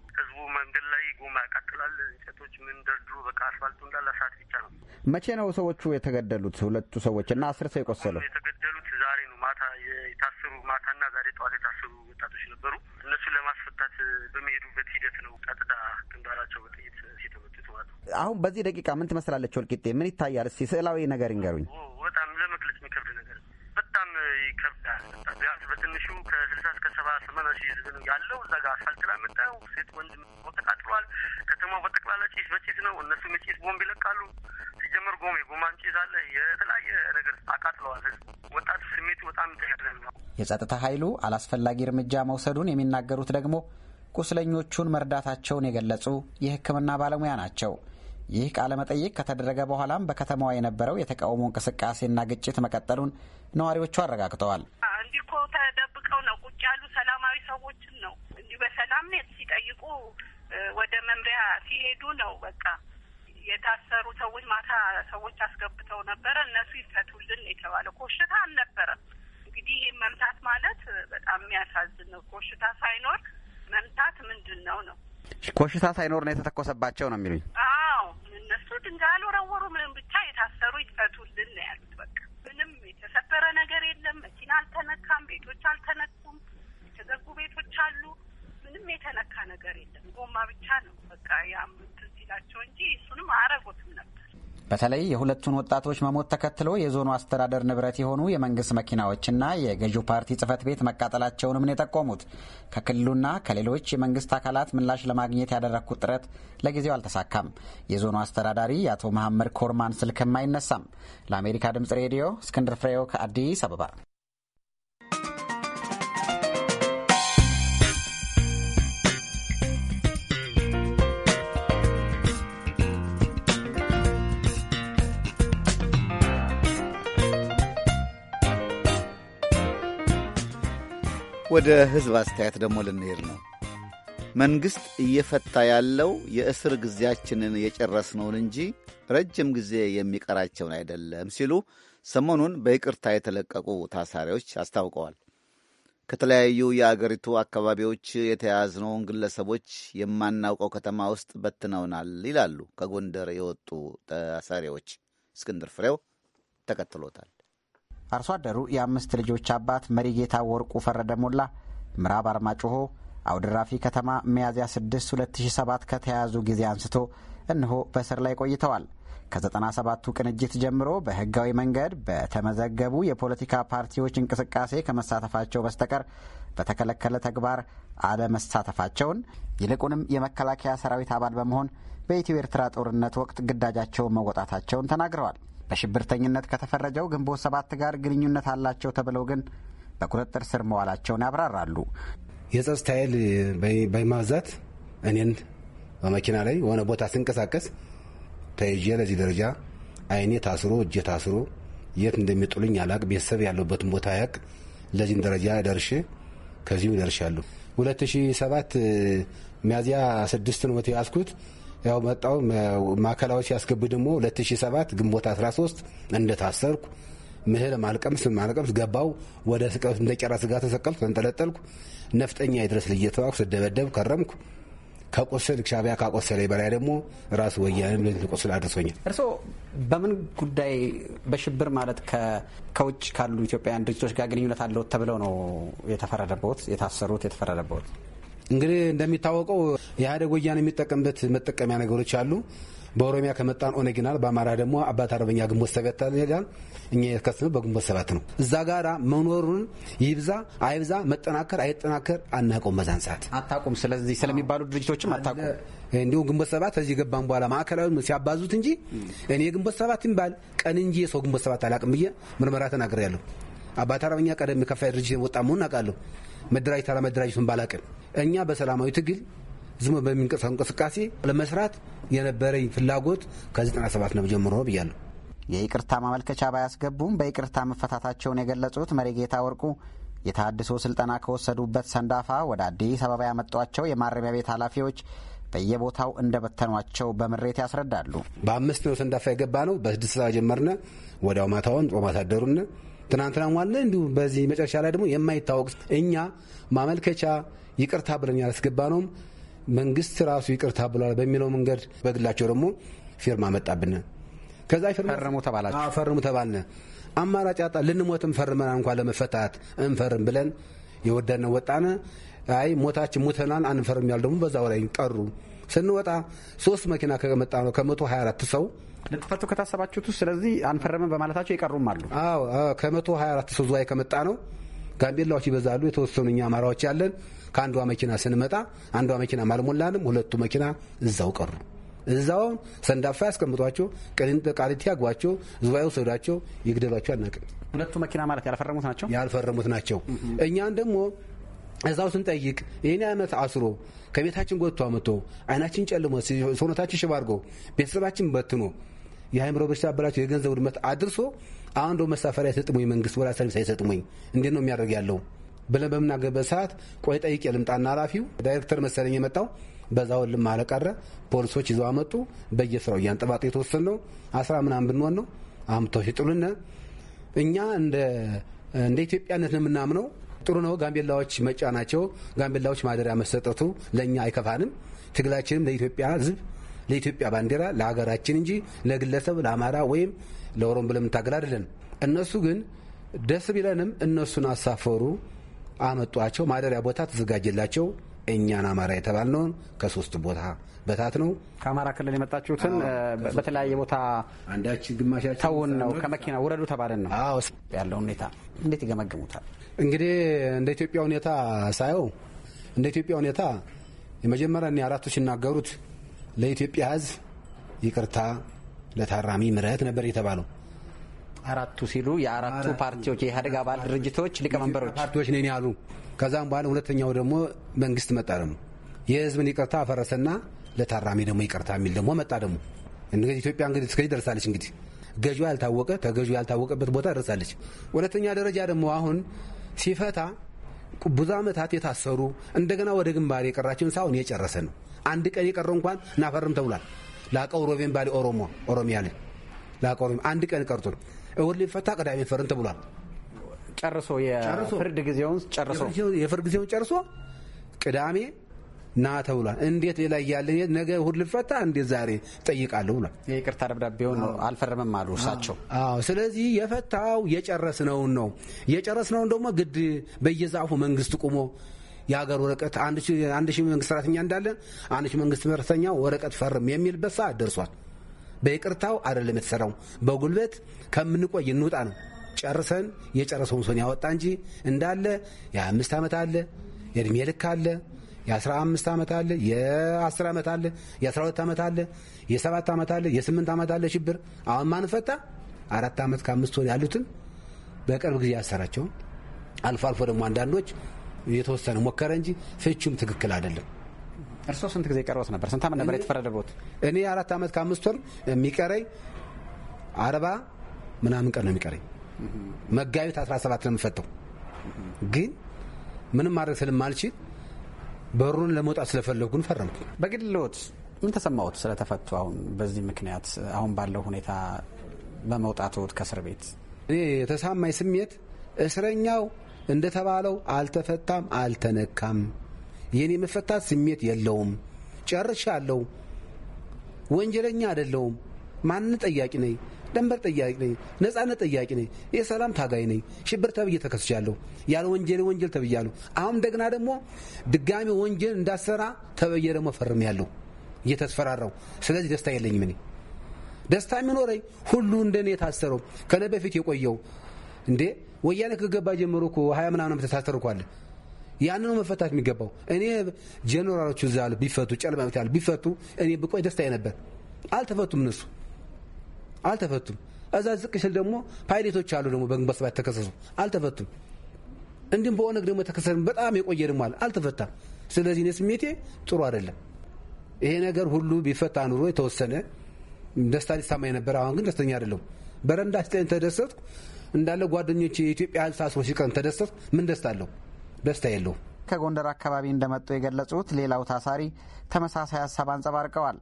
መንገድ ላይ ጎማ ያቃጥላል፣ እንጨቶች ምን ደርድሩ በቃ አስፋልቱ እንዳለ እሳት ብቻ ነው። መቼ ነው ሰዎቹ የተገደሉት? ሁለቱ ሰዎች እና አስር ሰው የቆሰለው የተገደሉት ዛሬ ነው ማታ የታሰሩ ማታና ዛሬ ጠዋት የታሰሩ ወጣቶች ነበሩ። እነሱ ለማስፈታት በሚሄዱበት ሂደት ነው ቀጥታ ግንባራቸው በጥይት የተመቱት ማለት ነው። አሁን በዚህ ደቂቃ ምን ትመስላለች ወልቂጤ? ምን ይታያል? እስቲ ስዕላዊ ነገር ይንገሩኝ። በጣም በትንሹ ከስልሳ እስከ ሰባ ሰማንያ ሺህ ህዝብ ነው ያለው እዛ ጋር አስፋልት ላይ የምታየው ሴት ወንድ ተቃጥሏል። ከተማው በጠቅላላ ጭስ በጭስ ነው። እነሱ የጭስ ቦምብ ይለቃሉ። ሲጀመር ጎም የጎማን ጭስ አለ። የተለያየ ነገር አቃጥለዋል። ወጣቱ ስሜቱ በጣም ይጠያለ ነው። የጸጥታ ኃይሉ አላስፈላጊ እርምጃ መውሰዱን የሚናገሩት ደግሞ ቁስለኞቹን መርዳታቸውን የገለጹ የህክምና ባለሙያ ናቸው። ይህ ቃለ መጠይቅ ከተደረገ በኋላም በከተማዋ የነበረው የተቃውሞ እንቅስቃሴና ግጭት መቀጠሉን ነዋሪዎቹ አረጋግጠዋል። እንዲህ እኮ ተደብቀው ነው ቁጭ ያሉ ሰላማዊ ሰዎችን ነው እንዲህ በሰላም ሲጠይቁ ወደ መምሪያ ሲሄዱ ነው በቃ የታሰሩ ሰዎች ማታ ሰዎች አስገብተው ነበረ። እነሱ ይፈቱልን የተባለ ኮሽታ አልነበረም። እንግዲህ ይህ መምታት ማለት በጣም የሚያሳዝን ነው። ኮሽታ ሳይኖር መምታት ምንድን ነው ነው? ኮሽታ ሳይኖር ነው የተተኮሰባቸው ነው የሚሉኝ። መኪና አልተነካም፣ ቤቶች አልተነኩም፣ የተዘጉ ቤቶች አሉ። ምንም የተነካ ነገር የለም። ጎማ ብቻ ነው በቃ ያምትን ሲላቸው እንጂ እሱንም አያረጉትም ነበር። በተለይ የሁለቱን ወጣቶች መሞት ተከትሎ የዞኑ አስተዳደር ንብረት የሆኑ የመንግስት መኪናዎችና የገዢው ፓርቲ ጽህፈት ቤት መቃጠላቸውንም ነው የጠቆሙት። ከክልሉና ከሌሎች የመንግስት አካላት ምላሽ ለማግኘት ያደረግኩት ጥረት ለጊዜው አልተሳካም። የዞኑ አስተዳዳሪ የአቶ መሐመድ ኮርማን ስልክም አይነሳም። ለአሜሪካ ድምጽ ሬዲዮ እስክንድር ፍሬው ከአዲስ አበባ ወደ ሕዝብ አስተያየት ደግሞ ልንሄድ ነው። መንግሥት እየፈታ ያለው የእስር ጊዜያችንን የጨረስነውን እንጂ ረጅም ጊዜ የሚቀራቸውን አይደለም ሲሉ ሰሞኑን በይቅርታ የተለቀቁ ታሳሪዎች አስታውቀዋል። ከተለያዩ የአገሪቱ አካባቢዎች የተያዝነውን ግለሰቦች የማናውቀው ከተማ ውስጥ በትነውናል ይላሉ ከጎንደር የወጡ ታሳሪዎች። እስክንድር ፍሬው ተከትሎታል። አርሶ አደሩ የአምስት ልጆች አባት መሪጌታ ወርቁ ፈረደ ሞላ ምዕራብ አርማጭሆ አውድራፊ ከተማ ሚያዝያ 6 2007 ከተያያዙ ጊዜ አንስቶ እነሆ በእስር ላይ ቆይተዋል። ከ97ቱ ቅንጅት ጀምሮ በህጋዊ መንገድ በተመዘገቡ የፖለቲካ ፓርቲዎች እንቅስቃሴ ከመሳተፋቸው በስተቀር በተከለከለ ተግባር አለመሳተፋቸውን ይልቁንም የመከላከያ ሰራዊት አባል በመሆን በኢትዮ ኤርትራ ጦርነት ወቅት ግዳጃቸውን መወጣታቸውን ተናግረዋል። በሽብርተኝነት ከተፈረጀው ግንቦት ሰባት ጋር ግንኙነት አላቸው ተብለው ግን በቁጥጥር ስር መዋላቸውን ያብራራሉ። የጸጥታ ኃይል በማብዛት እኔን በመኪና ላይ የሆነ ቦታ ስንቀሳቀስ ተይዤ ለዚህ ደረጃ አይኔ ታስሮ እጄ ታስሮ የት እንደሚጥሉኝ አላቅ። ቤተሰብ ያለበትን ቦታ ያቅ ለዚህም ደረጃ ደርሼ ከዚሁ ደርሻለሁ። 2007 ሚያዝያ ስድስትን ወት ያስኩት ያው መጣው ማዕከላዊ ሲያስገቡ ደግሞ 2007 ግንቦት 13 እንደታሰርኩ ምህል ማልቀምስ ማልቀምስ ገባው ወደ ስቀት እንደ ቄራ ስጋ ተሰቀልኩ፣ ተንጠለጠልኩ። ነፍጠኛ የድረስ ልጅ የተዋኩ ስደበደብ ከረምኩ። ከቁስል ሻቢያ ካቆሰለ በላይ ደግሞ ራስ ወያኔ ቁስል አድርሶኛል። እርስዎ በምን ጉዳይ በሽብር ማለት ከውጭ ካሉ ኢትዮጵያውያን ድርጅቶች ጋር ግንኙነት አለው ተብለው ነው የተፈረደበት የታሰሩት የተፈረደበት? እንግዲህ እንደሚታወቀው ኢህአዴግ ወያኔ የሚጠቀምበት መጠቀሚያ ነገሮች አሉ። በኦሮሚያ ከመጣን ኦነግናል፣ በአማራ ደግሞ አባት አርበኛ ግንቦት ሰባት ይላል። እኛ የተከሰስነው በግንቦት ሰባት ነው። እዛ ጋር መኖሩን ይብዛ አይብዛ፣ መጠናከር አይጠናከር አናውቀውም። በዛን ሰዓት አታቁም። ስለዚህ ስለሚባሉ ድርጅቶችም አታቁም። እንዲሁም ግንቦት ሰባት እዚህ ገባን በኋላ ማዕከላዊ ሲያባዙት እንጂ እኔ የግንቦት ሰባት ይባል ቀን እንጂ የሰው ግንቦት ሰባት አላቅም ብዬ ምርመራ ተናግሬያለሁ። አባት አርበኛ ቀደም ከፋ ድርጅት ወጣ መሆን አውቃለሁ። መደራጀት አለመደራጀቱን ባላቅም እኛ በሰላማዊ ትግል ዝም በሚንቀሳቀስ እንቅስቃሴ ለመስራት የነበረኝ ፍላጎት ከ97 ነው ጀምሮ ብያለሁ። የይቅርታ ማመልከቻ ባያስገቡም በይቅርታ መፈታታቸውን የገለጹት መሪጌታ ወርቁ የተሃድሶ ስልጠና ከወሰዱበት ሰንዳፋ ወደ አዲስ አበባ ያመጧቸው የማረሚያ ቤት ኃላፊዎች በየቦታው እንደበተኗቸው በምሬት ያስረዳሉ። በአምስት ነው ሰንዳፋ የገባ ነው። በስድስት ሰዓት ጀመርነ ወዲያው ማታውን ጦማ ሳደሩነ ትናንትና ዋለ እንዲሁ በዚህ መጨረሻ ላይ ደግሞ የማይታወቅ እኛ ማመልከቻ ይቅርታ ብለን ያላስገባ ነውም መንግስት ራሱ ይቅርታ ብሏል በሚለው መንገድ በግላቸው ደግሞ ፊርማ መጣብን። ከዛ ፈርሙ ተባላችሁ ፈርሙ ተባልነ። አማራጭ አጣ ልንሞትም ፈርመና እንኳ ለመፈታት እንፈርም ብለን የወደነ ወጣነ። አይ ሞታችን ሙተናል አንፈርም ያሉ ደግሞ በዛው ላይ ቀሩ። ስንወጣ ሶስት መኪና ከመጣ ነው ከመቶ 24 ሰው ልትፈቱ ከታሰባችሁት ውስጥ ስለዚህ አንፈረምን በማለታቸው የቀሩም አሉ። አዎ ከመቶ ሀያ አራት ሰው ዝዋይ ከመጣ ነው። ጋምቤላዎች ይበዛሉ። የተወሰኑ እኛ አማራዎች ያለን። ከአንዷ መኪና ስንመጣ አንዷ መኪና አልሞላንም። ሁለቱ መኪና እዛው ቀሩ። እዛው ሰንዳፋ ያስቀምጧቸው፣ ቃሊቲ ያግቧቸው፣ ዝዋይ ውሰዷቸው፣ ይግደሏቸው። አናውቅም። ሁለቱ መኪና ማለት ያልፈረሙት ናቸው ያልፈረሙት ናቸው። እኛን ደግሞ እዛው ስንጠይቅ ይህን ዓመት አስሮ ከቤታችን ጎትቶ አመቶ አይናችን ጨልሞ ሰውነታችን ሽባ አድርጎ ቤተሰባችን በትኖ የአእምሮ በሽታ አበላቸው፣ የገንዘብ ውድመት አድርሶ አንዶ መሳፈሪያ አይሰጥሙኝ መንግስት ወላ ሰርቪስ አይሰጥሙኝ እንዴት ነው የሚያደርግ ያለው ብለን በምናገበት ሰዓት ቆይ ጠይቄ ልምጣና ኃላፊው ዳይሬክተር መሰለኝ የመጣው በዛ ወልም አለቀረ ፖሊሶች ይዘው አመጡ። በየስራው እያንጠባጥ የተወሰን ነው አስራ ምናምን ብንሆን ነው አምተው ሲጥሉነ እኛ እንደ ኢትዮጵያነት ነው የምናምነው። ጥሩ ነው ጋምቤላዎች መጫናቸው፣ ጋምቤላዎች ማደሪያ መሰጠቱ ለእኛ አይከፋንም። ትግላችንም ለኢትዮጵያ ሕዝብ ለኢትዮጵያ ባንዲራ ለሀገራችን እንጂ ለግለሰብ ለአማራ ወይም ለኦሮም ብለን የምንታገል እነሱ ግን ደስ ቢለንም እነሱን አሳፈሩ፣ አመጧቸው። ማደሪያ ቦታ ተዘጋጀላቸው። እኛን አማራ የተባልነውን ከሶስት ቦታ በታት ነው። ከአማራ ክልል የመጣችሁትን በተለያየ ቦታ አንዳችን ግማሻችን ተውን ነው ከመኪና ውረዱ ተባለን ነው ያለው ሁኔታ እንዴት ይገመግሙታል? እንግዲህ እንደ ኢትዮጵያ ሁኔታ ሳየው እንደ ኢትዮጵያ ሁኔታ የመጀመሪያ እኔ አራቱ ሲናገሩት ለኢትዮጵያ ሕዝብ ይቅርታ፣ ለታራሚ ምረት ነበር የተባለው። አራቱ ሲሉ የአራቱ ፓርቲዎች የኢህአዴግ አባል ድርጅቶች ሊቀመንበሮች ፓርቲዎች ነን ያሉ። ከዛም በኋላ ሁለተኛው ደግሞ መንግስት መጣ። ደግሞ የህዝብን ይቅርታ አፈረሰና ለታራሚ ደግሞ ይቅርታ የሚል ደግሞ መጣ። ደግሞ እንግዲህ ኢትዮጵያ እንግዲህ እስከዚህ ደርሳለች። እንግዲህ ገዢ ያልታወቀ ተገዢ ያልታወቀበት ቦታ ደርሳለች። ሁለተኛ ደረጃ ደግሞ አሁን ሲፈታ ብዙ ዓመታት የታሰሩ እንደገና ወደ ግንባር የቀራቸውን ሳይሆን የጨረሰ ነው አንድ ቀን የቀረው እንኳን ናፈርም ተብሏል። ላቀው ሮቤን ባሊ ኦሮሞ ኦሮሚያ ላይ ላቀው ሮቤን አንድ ቀን ቀርቶ ነው እሁድ ሊፈታ ቅዳሜ ፈርን ተብሏል። ጨርሶ የፍርድ ጊዜውን ጨርሶ የፍርድ ጊዜውን ጨርሶ ቅዳሜ ና ተብሏል። እንዴት ላይ ያለ ነገ እሁድ ልፈታ እንዴት ዛሬ ጠይቃለሁ ብሏል። የይቅርታ ደብዳቤውን አልፈረምም አሉ እሳቸው። አዎ ስለዚህ የፈታው የጨረስነውን ነው። የጨረስነውን ደግሞ ግድ በየዛፉ መንግስት ቁሞ የሀገር ወረቀት አንድ ሺህ መንግስት ሰራተኛ እንዳለ አንድ ሺህ መንግስት መርተኛ ወረቀት ፈርም የሚልበት ሰዓት ደርሷል። በይቅርታው አይደለም የተሰራው፣ በጉልበት ከምንቆይ እንውጣ ነው። ጨርሰን የጨረሰውን ሰን ያወጣ እንጂ እንዳለ የአምስት ዓመት አለ፣ የእድሜ ልክ አለ፣ የአስራ አምስት ዓመት አለ፣ የአስር ዓመት አለ፣ የአስራ ሁለት ዓመት አለ፣ የሰባት ዓመት አለ፣ የስምንት ዓመት አለ። ሽብር አሁን ማንፈታ አራት ዓመት ከአምስት ወር ያሉትን በቅርብ ጊዜ ያሰራቸውን አልፎ አልፎ ደግሞ አንዳንዶች የተወሰነ ሞከረ እንጂ ፍቹም ትክክል አይደለም። እርስዎ ስንት ጊዜ ቀርቦት ነበር? ስንት ዓመት ነበር የተፈረደቦት? እኔ አራት ዓመት ከአምስት ወር የሚቀረኝ አርባ ምናምን ቀን ነው የሚቀረኝ። መጋቢት 17 ነው የምፈተው። ግን ምንም ማድረግ ስለማልችል በሩን ለመውጣት ስለፈለጉን ፈረምኩ። በግልዎት ምን ተሰማዎት ስለተፈቱ? አሁን በዚህ ምክንያት አሁን ባለው ሁኔታ በመውጣትዎት ከእስር ቤት እኔ የተሳማኝ ስሜት እስረኛው እንደተባለው አልተፈታም፣ አልተነካም። የኔ መፈታት ስሜት የለውም። ጨርሻለሁ። ወንጀለኛ አይደለውም። ማንነት ጠያቂ ነኝ። ደንበር ጠያቂ ነኝ። ነጻነት ጠያቂ ነኝ። የሰላም ታጋይ ነኝ። ሽብር ተብዬ ተከስቻለሁ። ያለ ወንጀል ወንጀል ተብያለሁ። አሁን እንደገና ደግሞ ድጋሚ ወንጀል እንዳሰራ ተብዬ ደግሞ ፈርሜያለሁ እየተስፈራራሁ። ስለዚህ ደስታ የለኝም። እኔ ደስታ የሚኖረኝ ሁሉ እንደኔ የታሰረው ከነ በፊት የቆየው እንዴ ወያኔ ከገባ ጀምሮ እኮ ሀያ ምናምን ተሳሰሩ እኮ አለ። ነው መፈታት የሚገባው እኔ ጀኔራሎቹ እዛ አሉ ቢፈቱ ጨለማዊት አሉ ቢፈቱ እኔ ብቆይ ደስታዬ ነበር። አልተፈቱም፣ እነሱ አልተፈቱም። እዛ ዝቅ ሲል ደግሞ ፓይሌቶች አሉ ደግሞ በግንቦት ሰባት ተከሰሱ፣ አልተፈቱም። እንዲሁም በኦነግ ደግሞ ተከሰሰ፣ በጣም የቆየ ደግሞ አለ፣ አልተፈታም። ስለዚህ እኔ ስሜቴ ጥሩ አይደለም። ይሄ ነገር ሁሉ ቢፈታ ኑሮ የተወሰነ ደስታ ሊሰማኝ ነበር። አሁን ግን ደስተኛ አይደለሁም። በረንዳ ስጠኝ ተደሰትኩ እንዳለ ጓደኞች የኢትዮጵያ ሕዝብ ታስሮ ሲቀን ተደሰት ምን ደስታ አለው? ደስታ የለው ከጎንደር አካባቢ እንደመጡ የገለጹት ሌላው ታሳሪ ተመሳሳይ ሀሳብ አንጸባርቀዋል።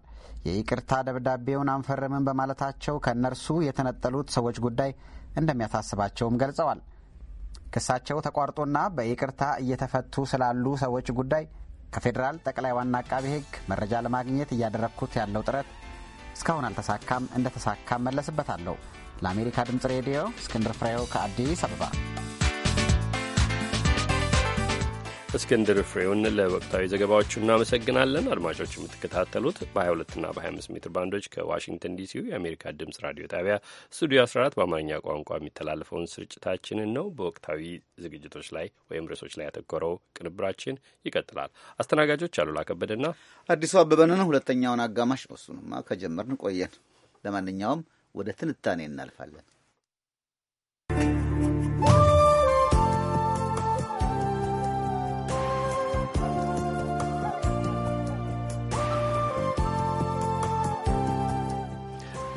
የይቅርታ ደብዳቤውን አንፈርምም በማለታቸው ከእነርሱ የተነጠሉት ሰዎች ጉዳይ እንደሚያሳስባቸውም ገልጸዋል። ክሳቸው ተቋርጦና በይቅርታ እየተፈቱ ስላሉ ሰዎች ጉዳይ ከፌዴራል ጠቅላይ ዋና አቃቤ ህግ መረጃ ለማግኘት እያደረግኩት ያለው ጥረት እስካሁን አልተሳካም። እንደተሳካም መለስበታለሁ። ለአሜሪካ ድምፅ ሬዲዮ እስክንድር ፍሬው ከአዲስ አበባ። እስክንድር ፍሬውን ለወቅታዊ ዘገባዎቹ እናመሰግናለን። አድማጮች የምትከታተሉት በ22ና በ25 ሜትር ባንዶች ከዋሽንግተን ዲሲ የአሜሪካ ድምፅ ራዲዮ ጣቢያ ስቱዲዮ 14 በአማርኛ ቋንቋ የሚተላለፈውን ስርጭታችንን ነው። በወቅታዊ ዝግጅቶች ላይ ወይም ርዕሶች ላይ ያተኮረው ቅንብራችን ይቀጥላል። አስተናጋጆች አሉላ ከበደና አዲሱ አበበንን ሁለተኛውን አጋማሽ ነው እሱንማ ከጀመርን ቆየን። ለማንኛውም ወደ ትንታኔ እናልፋለን።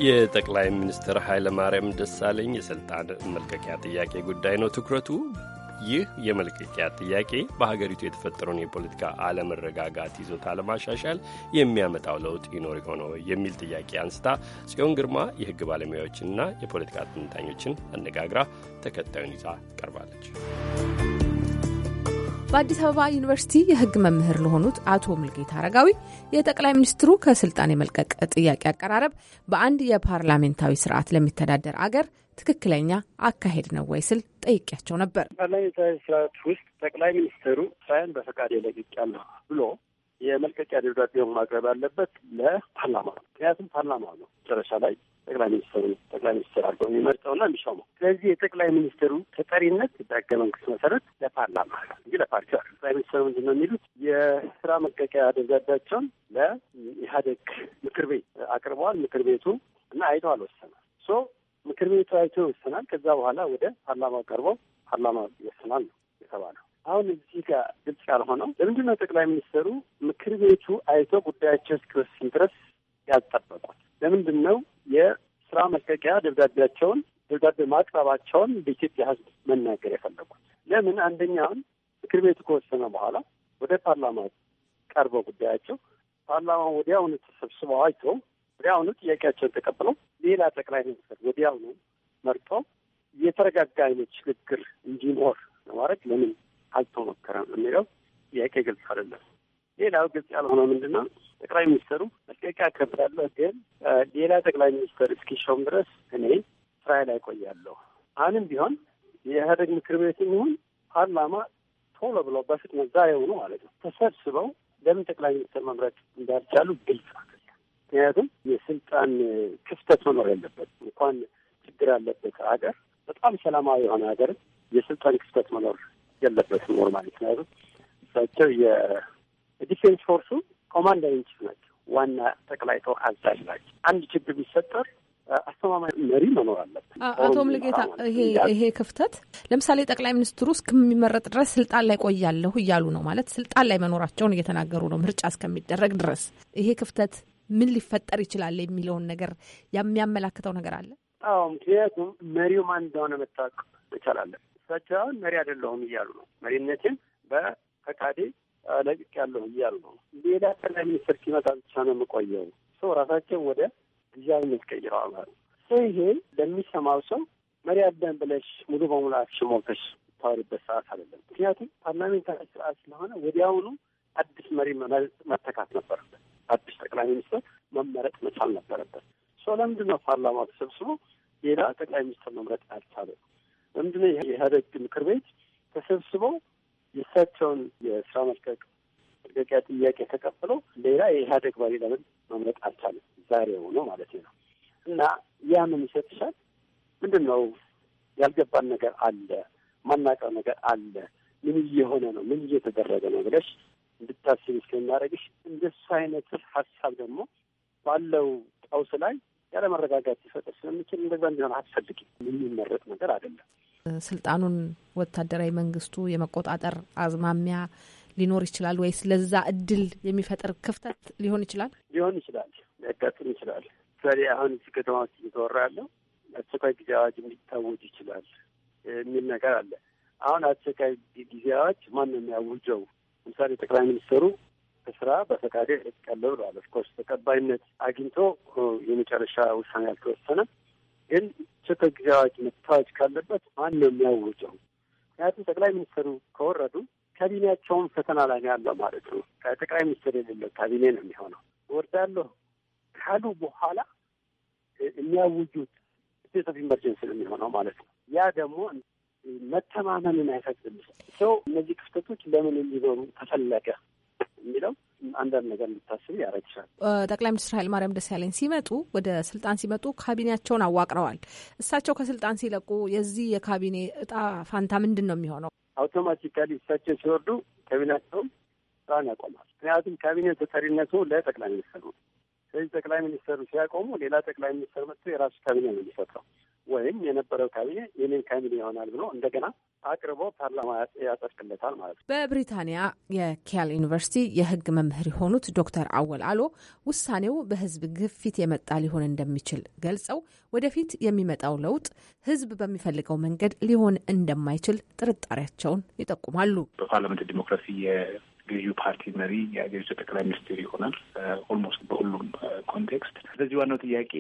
የጠቅላይ ሚኒስትር ኃይለማርያም ደሳለኝ የስልጣን መልቀቂያ ጥያቄ ጉዳይ ነው ትኩረቱ። ይህ የመልቀቂያ ጥያቄ በሀገሪቱ የተፈጠረውን የፖለቲካ አለመረጋጋት ይዞታ ለማሻሻል የሚያመጣው ለውጥ ይኖር ይሆን የሚል ጥያቄ አንስታ ጽዮን ግርማ የህግ ባለሙያዎችንና የፖለቲካ ትንታኞችን አነጋግራ ተከታዩን ይዛ ቀርባለች። በአዲስ አበባ ዩኒቨርሲቲ የህግ መምህር ለሆኑት አቶ ሙልጌታ አረጋዊ የጠቅላይ ሚኒስትሩ ከስልጣን የመልቀቅ ጥያቄ አቀራረብ በአንድ የፓርላሜንታዊ ስርዓት ለሚተዳደር አገር ትክክለኛ አካሄድ ነው ወይ ስል ጠይቄያቸው ነበር። ፓርላሜንታዊ ስርዓት ውስጥ ጠቅላይ ሚኒስትሩ ስራዬን በፈቃድ ለቅቄያለሁ ብሎ የመልቀቂያ ደብዳቤውን ማቅረብ ያለበት ለፓርላማ ነው። ምክንያቱም ፓርላማ ነው መጨረሻ ላይ ጠቅላይ ሚኒስትሩ ጠቅላይ ሚኒስትር አድርገው የሚመርጠውና የሚሾመው። ስለዚህ የጠቅላይ ሚኒስትሩ ተጠሪነት በህገ መንግስት መሰረት ለፓርላማ እንጂ ለፓርቲ አለ። ጠቅላይ ሚኒስትሩ ምንድን ነው የሚሉት? የስራ መልቀቂያ ደብዳቤያቸውን ለኢህአዴግ ምክር ቤት አቅርበዋል። ምክር ቤቱ እና አይተው አልወሰነ ሶ ምክር ቤቱ አይቶ ይወስናል። ከዛ በኋላ ወደ ፓርላማ ቀርቦ ፓርላማ ይወስናል ነው የተባለው። አሁን እዚህ ጋር ግልጽ ያልሆነው ለምንድን ነው ጠቅላይ ሚኒስትሩ ምክር ቤቱ አይቶ ጉዳያቸው እስኪወስን ድረስ ያልጠበቁት? ለምንድን ነው የስራ መልቀቂያ ደብዳቤያቸውን ደብዳቤ ማቅረባቸውን በኢትዮጵያ ሕዝብ መናገር የፈለጉት ለምን? አንደኛውን ምክር ቤቱ ከወሰነ በኋላ ወደ ፓርላማ ቀርበው ጉዳያቸው ፓርላማ ወዲያውኑ ተሰብስበው አይቶ ወዲያውኑ ጥያቄያቸውን ተቀብለው ሌላ ጠቅላይ ሚኒስትር ወዲያው ነው መርጦ የተረጋጋ አይነት ሽግግር እንዲኖር ለማድረግ ለምን አልተሞከረም የሚለው ጥያቄ ግልጽ አይደለም። ሌላው ግልጽ ያልሆነው ምንድን ነው? ጠቅላይ ሚኒስትሩ መልቀቂያ ከብዳለሁ፣ ግን ሌላ ጠቅላይ ሚኒስትር እስኪሾም ድረስ እኔ ስራ ላይ ቆያለሁ። አሁንም ቢሆን የኢህአዴግ ምክር ቤትም ይሁን ፓርላማ ቶሎ ብለው በፍጥነት ዛሬ ሆኑ ማለት ነው ተሰብስበው ለምን ጠቅላይ ሚኒስትር መምረጥ እንዳልቻሉ ግልጽ ምክንያቱም የስልጣን ክፍተት መኖር ያለበት እንኳን ችግር ያለበት ሀገር በጣም ሰላማዊ የሆነ ሀገር የስልጣን ክፍተት መኖር ኖር ማለት ምክንያቱም እሳቸው የዲፌንስ ፎርሱ ኮማንደር ኢን ናቸው፣ ዋና ጠቅላይ ጦር አዛዥ ናቸው። አንድ ችግር ቢፈጠር አስተማማኝ መሪ መኖር አለበት። አቶ ምልጌታ፣ ይሄ ይሄ ክፍተት ለምሳሌ ጠቅላይ ሚኒስትሩ እስከሚመረጥ ድረስ ስልጣን ላይ ቆያለሁ እያሉ ነው ማለት ስልጣን ላይ መኖራቸውን እየተናገሩ ነው ምርጫ እስከሚደረግ ድረስ። ይሄ ክፍተት ምን ሊፈጠር ይችላል የሚለውን ነገር የሚያመላክተው ነገር አለ? አዎ፣ ምክንያቱም መሪው ማን እንደሆነ መታወቅ ይቻላለን። እሳቸውን መሪ አይደለሁም እያሉ ነው። መሪነትን በፈቃዴ ለቅቅ ያለሁ እያሉ ነው። ሌላ ጠቅላይ ሚኒስትር ሲመጣ ብቻ ነው የምቆየው። ሰው ራሳቸው ወደ ጊዜያዊነት ቀይረዋል ማለት ሰው ይሄ ለሚሰማው ሰው መሪ አለን ብለሽ ሙሉ በሙሉ አሽሞተሽ ታወሪበት ሰዓት አይደለም። ምክንያቱም ፓርላሜንታዊ ስርዓት ስለሆነ ወዲያውኑ አዲስ መሪ መተካት ነበረበት። አዲስ ጠቅላይ ሚኒስትር መመረጥ መቻል ነበረበት። ሶ ለምንድን ነው ፓርላማ ተሰብስቦ ሌላ ጠቅላይ ሚኒስትር መምረጥ ያልቻለ? ለምንድን ነው የኢህአዴግ ምክር ቤት ተሰብስቦ የእሳቸውን የስራ መልቀቅ መልቀቂያ ጥያቄ ተቀብለው ሌላ የኢህአዴግ ባሪ ለምን መምረጥ አልቻለ? ዛሬ ሆኖ ማለት ነው። እና ያ ምን ይሰጥሻል? ምንድን ነው ያልገባን ነገር አለ፣ ማናውቀው ነገር አለ፣ ምን እየሆነ ነው፣ ምን እየተደረገ ነው ብለሽ እንድታስብ እስከሚያደርግሽ እንደሱ አይነት ሀሳብ ደግሞ ባለው ቀውስ ላይ ያለመረጋጋት ሊፈጠር ስለሚችል እንደዛ እንዲሆን አትፈልጊም። የሚመረጥ ነገር አይደለም። ስልጣኑን ወታደራዊ መንግስቱ የመቆጣጠር አዝማሚያ ሊኖር ይችላል ወይስ ለዛ እድል የሚፈጥር ክፍተት ሊሆን ይችላል ሊሆን ይችላል ሊያጋጥም ይችላል። ምሳሌ አሁን እዚህ ከተማ ውስጥ እየተወራ ያለው አስቸኳይ ጊዜ አዋጅ እንዲታወጅ ይችላል የሚል ነገር አለ። አሁን አስቸኳይ ጊዜ አዋጅ ማን ነው የሚያውጀው ለምሳሌ ጠቅላይ ሚኒስትሩ ከስራ በፈቃዴ እለቃለሁ ብለዋል። ኦፍኮርስ ተቀባይነት አግኝቶ የመጨረሻ ውሳኔ ያልተወሰነ ግን አስቸኳይ ጊዜ አዋጅ መታወጅ ካለበት ማን ነው የሚያውጀው? ምክንያቱም ጠቅላይ ሚኒስትሩ ከወረዱ ካቢኔያቸውን ፈተና ላይ ያለው ማለት ነው። ጠቅላይ ሚኒስትር የሌለው ካቢኔ ነው የሚሆነው። እወርዳለሁ ካሉ በኋላ የሚያውጁት ስቴት ኦፍ ኢመርጀንሲ ነው የሚሆነው ማለት ነው። ያ ደግሞ መተማመንን አይፈቅድም። ሰው እነዚህ ክፍተቶች ለምን እንዲኖሩ ተፈለገ የሚለው አንዳንድ ነገር እንድታስብ ያረግሻል። ጠቅላይ ሚኒስትር ኃይለማርያም ደሳለኝ ሲመጡ ወደ ስልጣን ሲመጡ ካቢኔያቸውን አዋቅረዋል። እሳቸው ከስልጣን ሲለቁ የዚህ የካቢኔ እጣ ፋንታ ምንድን ነው የሚሆነው? አውቶማቲካሊ እሳቸው ሲወርዱ ካቢኔያቸውም ስራን ያቆማል። ምክንያቱም ካቢኔ ተጠሪነቱ ለጠቅላይ ሚኒስትር ነው። ስለዚህ ጠቅላይ ሚኒስትሩ ሲያቆሙ ሌላ ጠቅላይ ሚኒስትር መጥቶ የራሱ ካቢኔ ነው የሚፈጥረው። ወይም የነበረው ካቢኔ የኔን ካቢኔ ይሆናል ብሎ እንደገና አቅርቦ ፓርላማ ያጸድቅለታል ማለት ነው። በብሪታንያ የኪያል ዩኒቨርሲቲ የህግ መምህር የሆኑት ዶክተር አወል አሎ ውሳኔው በህዝብ ግፊት የመጣ ሊሆን እንደሚችል ገልጸው ወደፊት የሚመጣው ለውጥ ህዝብ በሚፈልገው መንገድ ሊሆን እንደማይችል ጥርጣሬያቸውን ይጠቁማሉ። በፓርላመንት ዲሞክራሲ ገዢው ፓርቲ መሪ የሀገሪቱ ጠቅላይ ሚኒስትር ይሆናል። ኦልሞስት በሁሉም ኮንቴክስት። ስለዚህ ዋናው ጥያቄ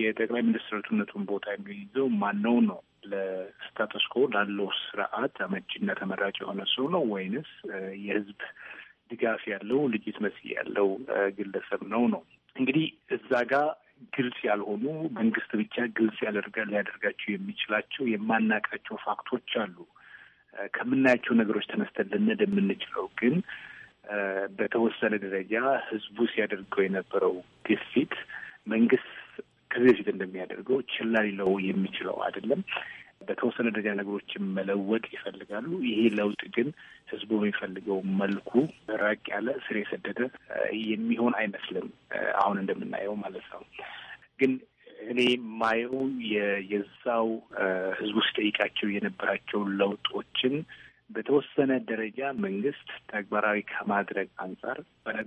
የጠቅላይ ሚኒስትርነቱን ቦታ የሚይዘው ማነው ነው ለስታተስ ኮ ላለው ስርዓት አመቺና ተመራጭ የሆነ ሰው ነው ወይንስ የህዝብ ድጋፍ ያለው ልጅት መስ ያለው ግለሰብ ነው ነው እንግዲህ እዛ ጋር ግልጽ ያልሆኑ መንግስት ብቻ ግልጽ ያደርጋ ሊያደርጋቸው የሚችላቸው የማናቃቸው ፋክቶች አሉ። ከምናያቸው ነገሮች ተነስተን ልንድ የምንችለው ግን በተወሰነ ደረጃ ህዝቡ ሲያደርገው የነበረው ግፊት መንግስት ከዚህ በፊት እንደሚያደርገው ችላ ሊለው የሚችለው አይደለም። በተወሰነ ደረጃ ነገሮችን መለወጥ ይፈልጋሉ። ይሄ ለውጥ ግን ህዝቡ በሚፈልገው መልኩ ራቅ ያለ ስር የሰደደ የሚሆን አይመስልም፣ አሁን እንደምናየው ማለት ነው። ግን እኔ የማየው የዛው ህዝቡ ስጠይቃቸው የነበራቸው ለውጦችን በተወሰነ ደረጃ መንግስት ተግባራዊ ከማድረግ አንጻር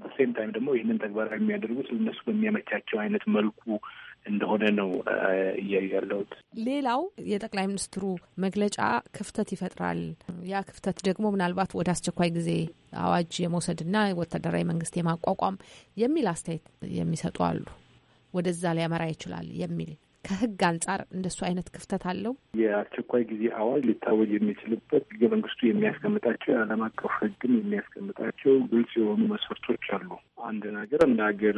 በሴም ታይም ደግሞ ይህንን ተግባራዊ የሚያደርጉት እነሱ በሚያመቻቸው አይነት መልኩ እንደሆነ ነው እያዩ ያለሁት። ሌላው የጠቅላይ ሚኒስትሩ መግለጫ ክፍተት ይፈጥራል። ያ ክፍተት ደግሞ ምናልባት ወደ አስቸኳይ ጊዜ አዋጅ የመውሰድና ወታደራዊ መንግስት የማቋቋም የሚል አስተያየት የሚሰጡ አሉ። ወደዛ ሊያመራ ይችላል የሚል ከህግ አንጻር እንደሱ አይነት ክፍተት አለው። የአስቸኳይ ጊዜ አዋጅ ሊታወጅ የሚችልበት ህገ መንግስቱ የሚያስቀምጣቸው የዓለም አቀፍ ህግም የሚያስቀምጣቸው ግልጽ የሆኑ መስፈርቶች አሉ። አንድ ነገር እንደ ሀገር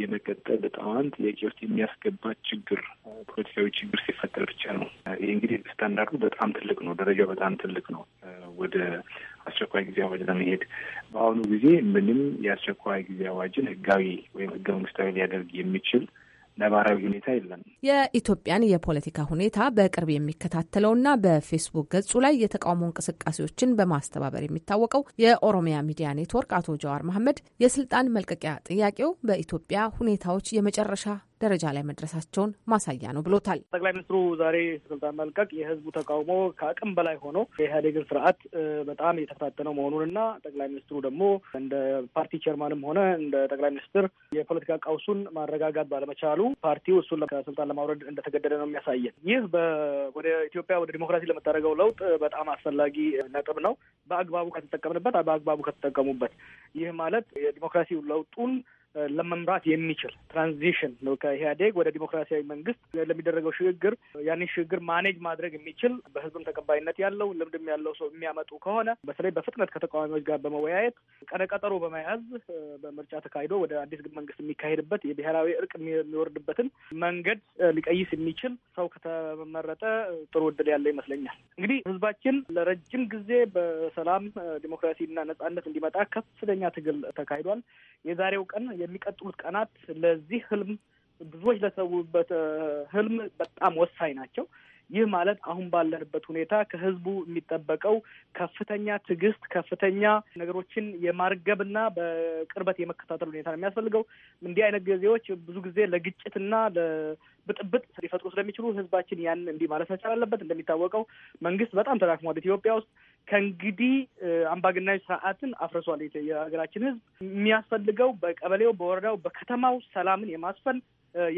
የመቀጠል እጣዋን ጥያቄ ውስጥ የሚያስገባ ችግር፣ ፖለቲካዊ ችግር ሲፈጠር ብቻ ነው። ይህ እንግዲህ ስታንዳርዱ በጣም ትልቅ ነው፣ ደረጃው በጣም ትልቅ ነው። ወደ አስቸኳይ ጊዜ አዋጅ ለመሄድ በአሁኑ ጊዜ ምንም የአስቸኳይ ጊዜ አዋጅን ህጋዊ ወይም ህገ መንግስታዊ ሊያደርግ የሚችል ነባራዊ ሁኔታ የለም። የኢትዮጵያን የፖለቲካ ሁኔታ በቅርብ የሚከታተለውና በፌስቡክ ገጹ ላይ የተቃውሞ እንቅስቃሴዎችን በማስተባበር የሚታወቀው የኦሮሚያ ሚዲያ ኔትወርክ አቶ ጀዋር መሐመድ የስልጣን መልቀቂያ ጥያቄው በኢትዮጵያ ሁኔታዎች የመጨረሻ ደረጃ ላይ መድረሳቸውን ማሳያ ነው ብሎታል። ጠቅላይ ሚኒስትሩ ዛሬ ስልጣን መልቀቅ የህዝቡ ተቃውሞ ከአቅም በላይ ሆኖ የኢህአዴግን ስርዓት በጣም እየተፈታተነው መሆኑን እና ጠቅላይ ሚኒስትሩ ደግሞ እንደ ፓርቲ ቸርማንም ሆነ እንደ ጠቅላይ ሚኒስትር የፖለቲካ ቀውሱን ማረጋጋት ባለመቻሉ ፓርቲው እሱን ከስልጣን ለማውረድ እንደተገደደ ነው የሚያሳየን። ይህ ወደ ኢትዮጵያ ወደ ዲሞክራሲ ለምታደርገው ለውጥ በጣም አስፈላጊ ነጥብ ነው። በአግባቡ ከተጠቀምንበት፣ በአግባቡ ከተጠቀሙበት ይህ ማለት የዲሞክራሲ ለውጡን ለመምራት የሚችል ትራንዚሽን ነው። ከኢህአዴግ ወደ ዲሞክራሲያዊ መንግስት ለሚደረገው ሽግግር ያንን ሽግግር ማኔጅ ማድረግ የሚችል በህዝብም ተቀባይነት ያለው ልምድም ያለው ሰው የሚያመጡ ከሆነ በተለይ በፍጥነት ከተቃዋሚዎች ጋር በመወያየት ቀነቀጠሮ በመያዝ በምርጫ ተካሂዶ ወደ አዲስ መንግስት የሚካሄድበት የብሔራዊ እርቅ የሚወርድበትን መንገድ ሊቀይስ የሚችል ሰው ከተመረጠ ጥሩ እድል ያለው ይመስለኛል። እንግዲህ ህዝባችን ለረጅም ጊዜ በሰላም ዲሞክራሲና ነጻነት እንዲመጣ ከፍተኛ ትግል ተካሂዷል። የዛሬው ቀን የሚቀጥሉት ቀናት ለዚህ ህልም ብዙዎች ለሰቡበት ህልም በጣም ወሳኝ ናቸው። ይህ ማለት አሁን ባለንበት ሁኔታ ከህዝቡ የሚጠበቀው ከፍተኛ ትዕግስት፣ ከፍተኛ ነገሮችን የማርገብና በቅርበት የመከታተል ሁኔታ ነው የሚያስፈልገው። እንዲህ አይነት ጊዜዎች ብዙ ጊዜ ለግጭትና ለብጥብጥ ሊፈጥሩ ስለሚችሉ ህዝባችን ያን እንዲህ ማለት መቻል አለበት። እንደሚታወቀው መንግስት በጣም ተዳክሟል ኢትዮጵያ ውስጥ ከእንግዲህ አምባገናዊ ስርዓትን አፍርሷል። የሀገራችን ህዝብ የሚያስፈልገው በቀበሌው፣ በወረዳው፣ በከተማው ሰላምን የማስፈን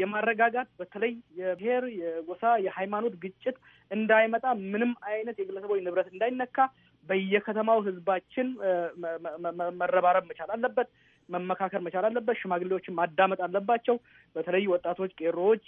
የማረጋጋት በተለይ የብሔር፣ የጎሳ፣ የሃይማኖት ግጭት እንዳይመጣ ምንም አይነት የግለሰቦች ንብረት እንዳይነካ በየከተማው ህዝባችን መረባረብ መቻል አለበት። መመካከር መቻል አለበት። ሽማግሌዎችን ማዳመጥ አለባቸው። በተለይ ወጣቶች፣ ቄሮዎች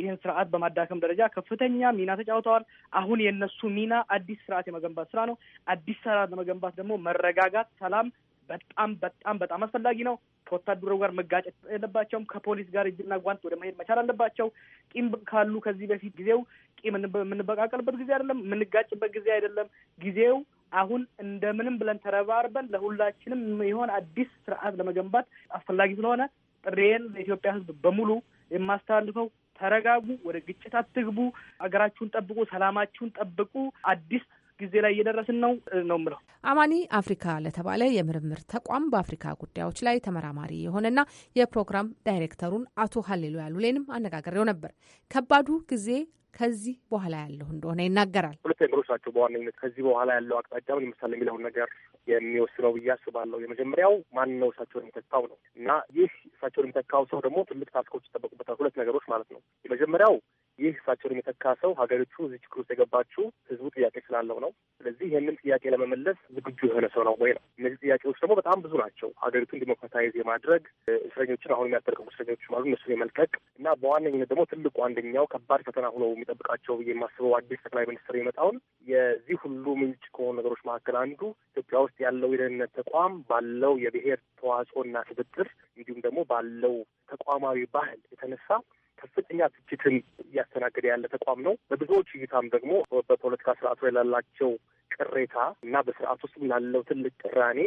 ይህን ስርዓት በማዳከም ደረጃ ከፍተኛ ሚና ተጫውተዋል። አሁን የእነሱ ሚና አዲስ ስርዓት የመገንባት ስራ ነው። አዲስ ስርዓት ለመገንባት ደግሞ መረጋጋት፣ ሰላም፣ በጣም በጣም በጣም አስፈላጊ ነው። ከወታደሩ ጋር መጋጨት የለባቸውም። ከፖሊስ ጋር እጅና ጓንት ወደ መሄድ መቻል አለባቸው። ቂም ካሉ ከዚህ በፊት ጊዜው ቂም የምንበቃቀልበት ጊዜ አይደለም፣ የምንጋጭበት ጊዜ አይደለም። ጊዜው አሁን እንደምንም ብለን ተረባርበን ለሁላችንም የሆን አዲስ ስርዓት ለመገንባት አስፈላጊ ስለሆነ ጥሬን ለኢትዮጵያ ሕዝብ በሙሉ የማስተላልፈው ተረጋጉ፣ ወደ ግጭት አትግቡ፣ ሀገራችሁን ጠብቁ፣ ሰላማችሁን ጠብቁ። አዲስ ጊዜ ላይ እየደረስን ነው ነው ምለው። አማኒ አፍሪካ ለተባለ የምርምር ተቋም በአፍሪካ ጉዳዮች ላይ ተመራማሪ የሆነና የፕሮግራም ዳይሬክተሩን አቶ ሀሌሉ ያሉሌንም አነጋግሬው ነበር። ከባዱ ጊዜ ከዚህ በኋላ ያለው እንደሆነ ይናገራል። ሁለት ነገሮች ናቸው በዋነኝነት ከዚህ በኋላ ያለው አቅጣጫ ምን ይመስላል የሚለውን ነገር የሚወስነው ብዬ አስባለሁ። የመጀመሪያው ማን ነው እሳቸውን የሚተካው ነው እና ይህ እሳቸውን የሚተካው ሰው ደግሞ ትልቅ ታስኮች ይጠበቁበታል። ሁለት ነገሮች ማለት ነው። የመጀመሪያው ይህ እሳቸውን የሚተካ ሰው ሀገሪቱ እዚህ ችግር ውስጥ የገባችው ህዝቡ ጥያቄ ስላለው ነው። ስለዚህ ይህንን ጥያቄ ለመመለስ ዝግጁ የሆነ ሰው ነው ወይ ነው። እነዚህ ጥያቄዎች ደግሞ በጣም ብዙ ናቸው። ሀገሪቱን ዲሞክራታይዝ የማድረግ እስረኞችን፣ አሁን የሚያስጠርቀቁ እስረኞች አሉ፣ እነሱን የመልቀቅ እና በዋነኝነት ደግሞ ትልቁ አንደኛው ከባድ ፈተና ሆኖ የሚጠብቃቸው ብዬ የማስበው አዲስ ጠቅላይ ሚኒስትር የመጣውን የዚህ ሁሉ ምንጭ ከሆኑ ነገሮች መካከል አንዱ ኢትዮጵያ ውስጥ ያለው የደህንነት ተቋም ባለው የብሔር ተዋጽኦና ስብጥር እንዲሁም ደግሞ ባለው ተቋማዊ ባህል የተነሳ ከፍተኛ ትችትን እያስተናገደ ያለ ተቋም ነው። በብዙዎች እይታም ደግሞ በፖለቲካ ስርዓቱ ላይ ላላቸው ቅሬታ እና በስርዓት ውስጥ ላለው ትልቅ ቅራኔ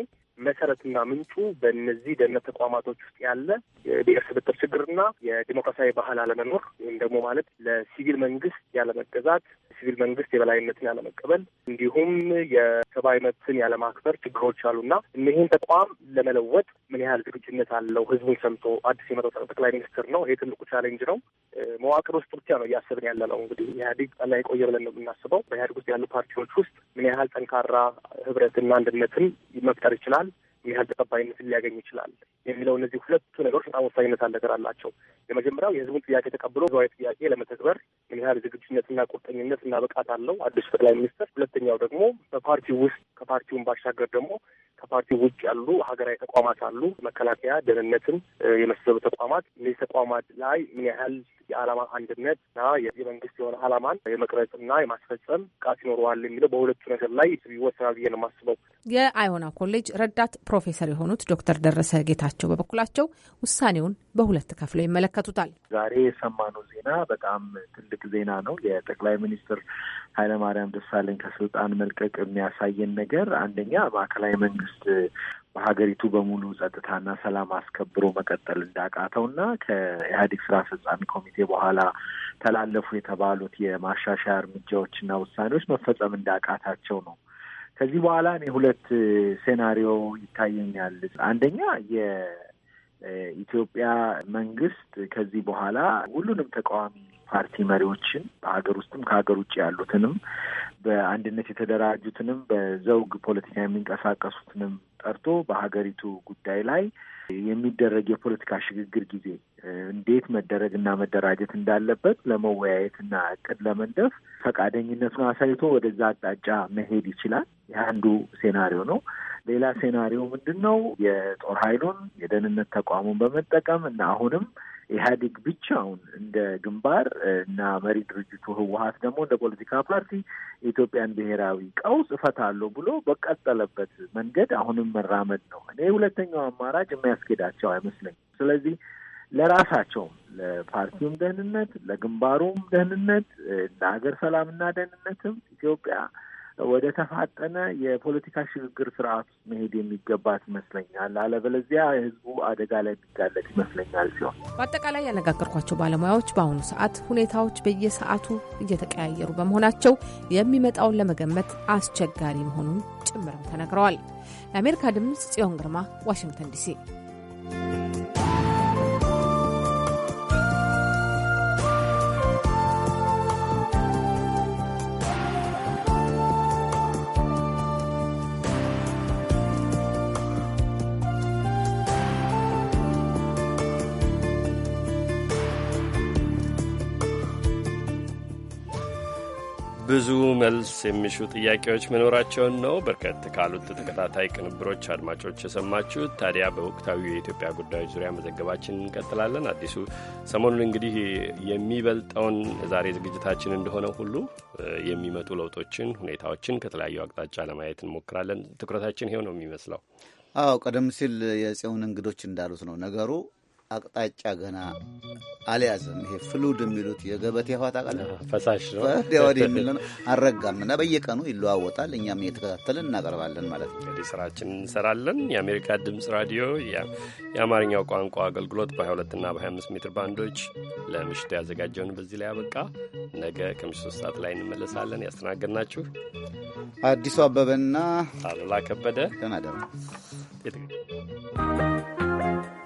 መሰረትና ምንጩ በእነዚህ ደህንነት ተቋማቶች ውስጥ ያለ የብሔር ስብጥር ችግርና የዲሞክራሲያዊ ባህል አለመኖር ወይም ደግሞ ማለት ለሲቪል መንግስት ያለመገዛት፣ ሲቪል መንግስት የበላይነትን ያለመቀበል፣ እንዲሁም የሰብአዊ መብትን ያለማክበር ችግሮች አሉና እነዚህን ተቋም ለመለወጥ ምን ያህል ዝግጁነት አለው? ህዝቡን ሰምቶ አዲስ የመጣው ጠቅላይ ሚኒስትር ነው። ይሄ ትልቁ ቻሌንጅ ነው። መዋቅር ውስጥ ብቻ ነው እያሰብን ያለ ነው። እንግዲህ ኢህአዴግ ጠላ የቆየ ብለን ነው የምናስበው። በኢህአዴግ ውስጥ ያሉ ፓርቲዎች ውስጥ ምን ያህል ጠንካራ ህብረትና አንድነትን መፍጠር ይችላል፣ ምን ያህል ተቀባይነትን ሊያገኝ ይችላል የሚለው እነዚህ ሁለቱ ነገሮች በጣም ወሳኝነት አለገር አላቸው። የመጀመሪያው የህዝቡን ጥያቄ ተቀብሎ ህዝባዊ ጥያቄ ለመተግበር ምን ያህል ዝግጁነትና ቁርጠኝነትና ብቃት አለው አዲሱ ጠቅላይ ሚኒስትር። ሁለተኛው ደግሞ በፓርቲው ውስጥ ከፓርቲውን ባሻገር ደግሞ ከፓርቲው ውጭ ያሉ ሀገራዊ ተቋማት አሉ፣ መከላከያ፣ ደህንነትን የመሰሉ ተቋማት። እነዚህ ተቋማት ላይ ምን ያህል የዓላማ አንድነት እና መንግስት የሆነ ዓላማን የመቅረጽና የማስፈጸም ቃት ይኖረዋል የሚለው በሁለቱ ነገር ላይ ይወሰናል ብዬ ነው የማስበው። የአይሆና ኮሌጅ ረዳት ፕሮፌሰር የሆኑት ዶክተር ደረሰ ጌታቸው በበኩላቸው ውሳኔውን በሁለት ከፍለው ይመለከቱታል። ዛሬ የሰማነው ዜና በጣም ትልቅ ዜና ነው። የጠቅላይ ሚኒስትር ኃይለማርያም ደሳለኝ ከስልጣን መልቀቅ የሚያሳየን ነገር አንደኛ ማዕከላዊ መንግስት በሀገሪቱ በሙሉ ጸጥታና ሰላም አስከብሮ መቀጠል እንዳቃተው እና ከኢህአዴግ ስራ አስፈጻሚ ኮሚቴ በኋላ ተላለፉ የተባሉት የማሻሻያ እርምጃዎችና ውሳኔዎች መፈጸም እንዳቃታቸው ነው። ከዚህ በኋላ እኔ ሁለት ሴናሪዮ ይታየኛል። አንደኛ የኢትዮጵያ መንግስት ከዚህ በኋላ ሁሉንም ተቃዋሚ ፓርቲ መሪዎችን በሀገር ውስጥም ከሀገር ውጭ ያሉትንም በአንድነት የተደራጁትንም በዘውግ ፖለቲካ የሚንቀሳቀሱትንም ጠርቶ በሀገሪቱ ጉዳይ ላይ የሚደረግ የፖለቲካ ሽግግር ጊዜ እንዴት መደረግ እና መደራጀት እንዳለበት ለመወያየትና እቅድ ለመንደፍ ፈቃደኝነቱን አሳይቶ ወደዛ አቅጣጫ መሄድ ይችላል። የአንዱ ሴናሪዮ ነው። ሌላ ሴናሪዮ ምንድን ነው? የጦር ኃይሉን የደህንነት ተቋሙን በመጠቀም እና አሁንም ኢህአዴግ ብቻውን እንደ ግንባር እና መሪ ድርጅቱ ህወሀት ደግሞ እንደ ፖለቲካ ፓርቲ የኢትዮጵያን ብሔራዊ ቀውስ እፈታለሁ ብሎ በቀጠለበት መንገድ አሁንም መራመድ ነው። እኔ ሁለተኛው አማራጭ የሚያስኬዳቸው አይመስለኝም። ስለዚህ ለራሳቸውም ለፓርቲውም ደህንነት፣ ለግንባሩም ደህንነት፣ ለሀገር ሰላምና ደህንነትም ኢትዮጵያ ወደ ተፋጠነ የፖለቲካ ሽግግር ስርዓት መሄድ የሚገባት ይመስለኛል። አለበለዚያ ህዝቡ አደጋ ላይ የሚጋለጥ ይመስለኛል ሲሆን በአጠቃላይ ያነጋገርኳቸው ባለሙያዎች በአሁኑ ሰዓት ሁኔታዎች በየሰዓቱ እየተቀያየሩ በመሆናቸው የሚመጣውን ለመገመት አስቸጋሪ መሆኑን ጭምርም ተናግረዋል። ለአሜሪካ ድምፅ ጽዮን ግርማ ዋሽንግተን ዲሲ ብዙ መልስ የሚሹ ጥያቄዎች መኖራቸውን ነው በርከት ካሉት ተከታታይ ቅንብሮች አድማጮች የሰማችሁት። ታዲያ በወቅታዊ የኢትዮጵያ ጉዳዮች ዙሪያ መዘገባችን እንቀጥላለን። አዲሱ ሰሞኑን እንግዲህ የሚበልጠውን ዛሬ ዝግጅታችን እንደሆነ ሁሉ የሚመጡ ለውጦችን፣ ሁኔታዎችን ከተለያዩ አቅጣጫ ለማየት እንሞክራለን። ትኩረታችን ይሄው ነው የሚመስለው። አዎ ቀደም ሲል የጽዮን እንግዶች እንዳሉት ነው ነገሩ አቅጣጫ ገና አልያዝም። ይሄ ፍሉድ የሚሉት የገበቴ ውሃ ታውቃለህ፣ ፈሳሽ ነው ወዲህ የሚል ነው እና በየቀኑ ይለዋወጣል። እኛም እየተከታተልን እናቀርባለን ማለት ነው። እንግዲህ ስራችን እንሰራለን። የአሜሪካ ድምጽ ራዲዮ የአማርኛው ቋንቋ አገልግሎት በ22 እና በ25 ሜትር ባንዶች ለምሽቱ ያዘጋጀውን በዚህ ላይ አበቃ። ነገ ከምሽቱ ሶስት ሰዓት ላይ እንመለሳለን። ያስተናገድናችሁ አዲሱ አበበና አሉላ ከበደ Thank you.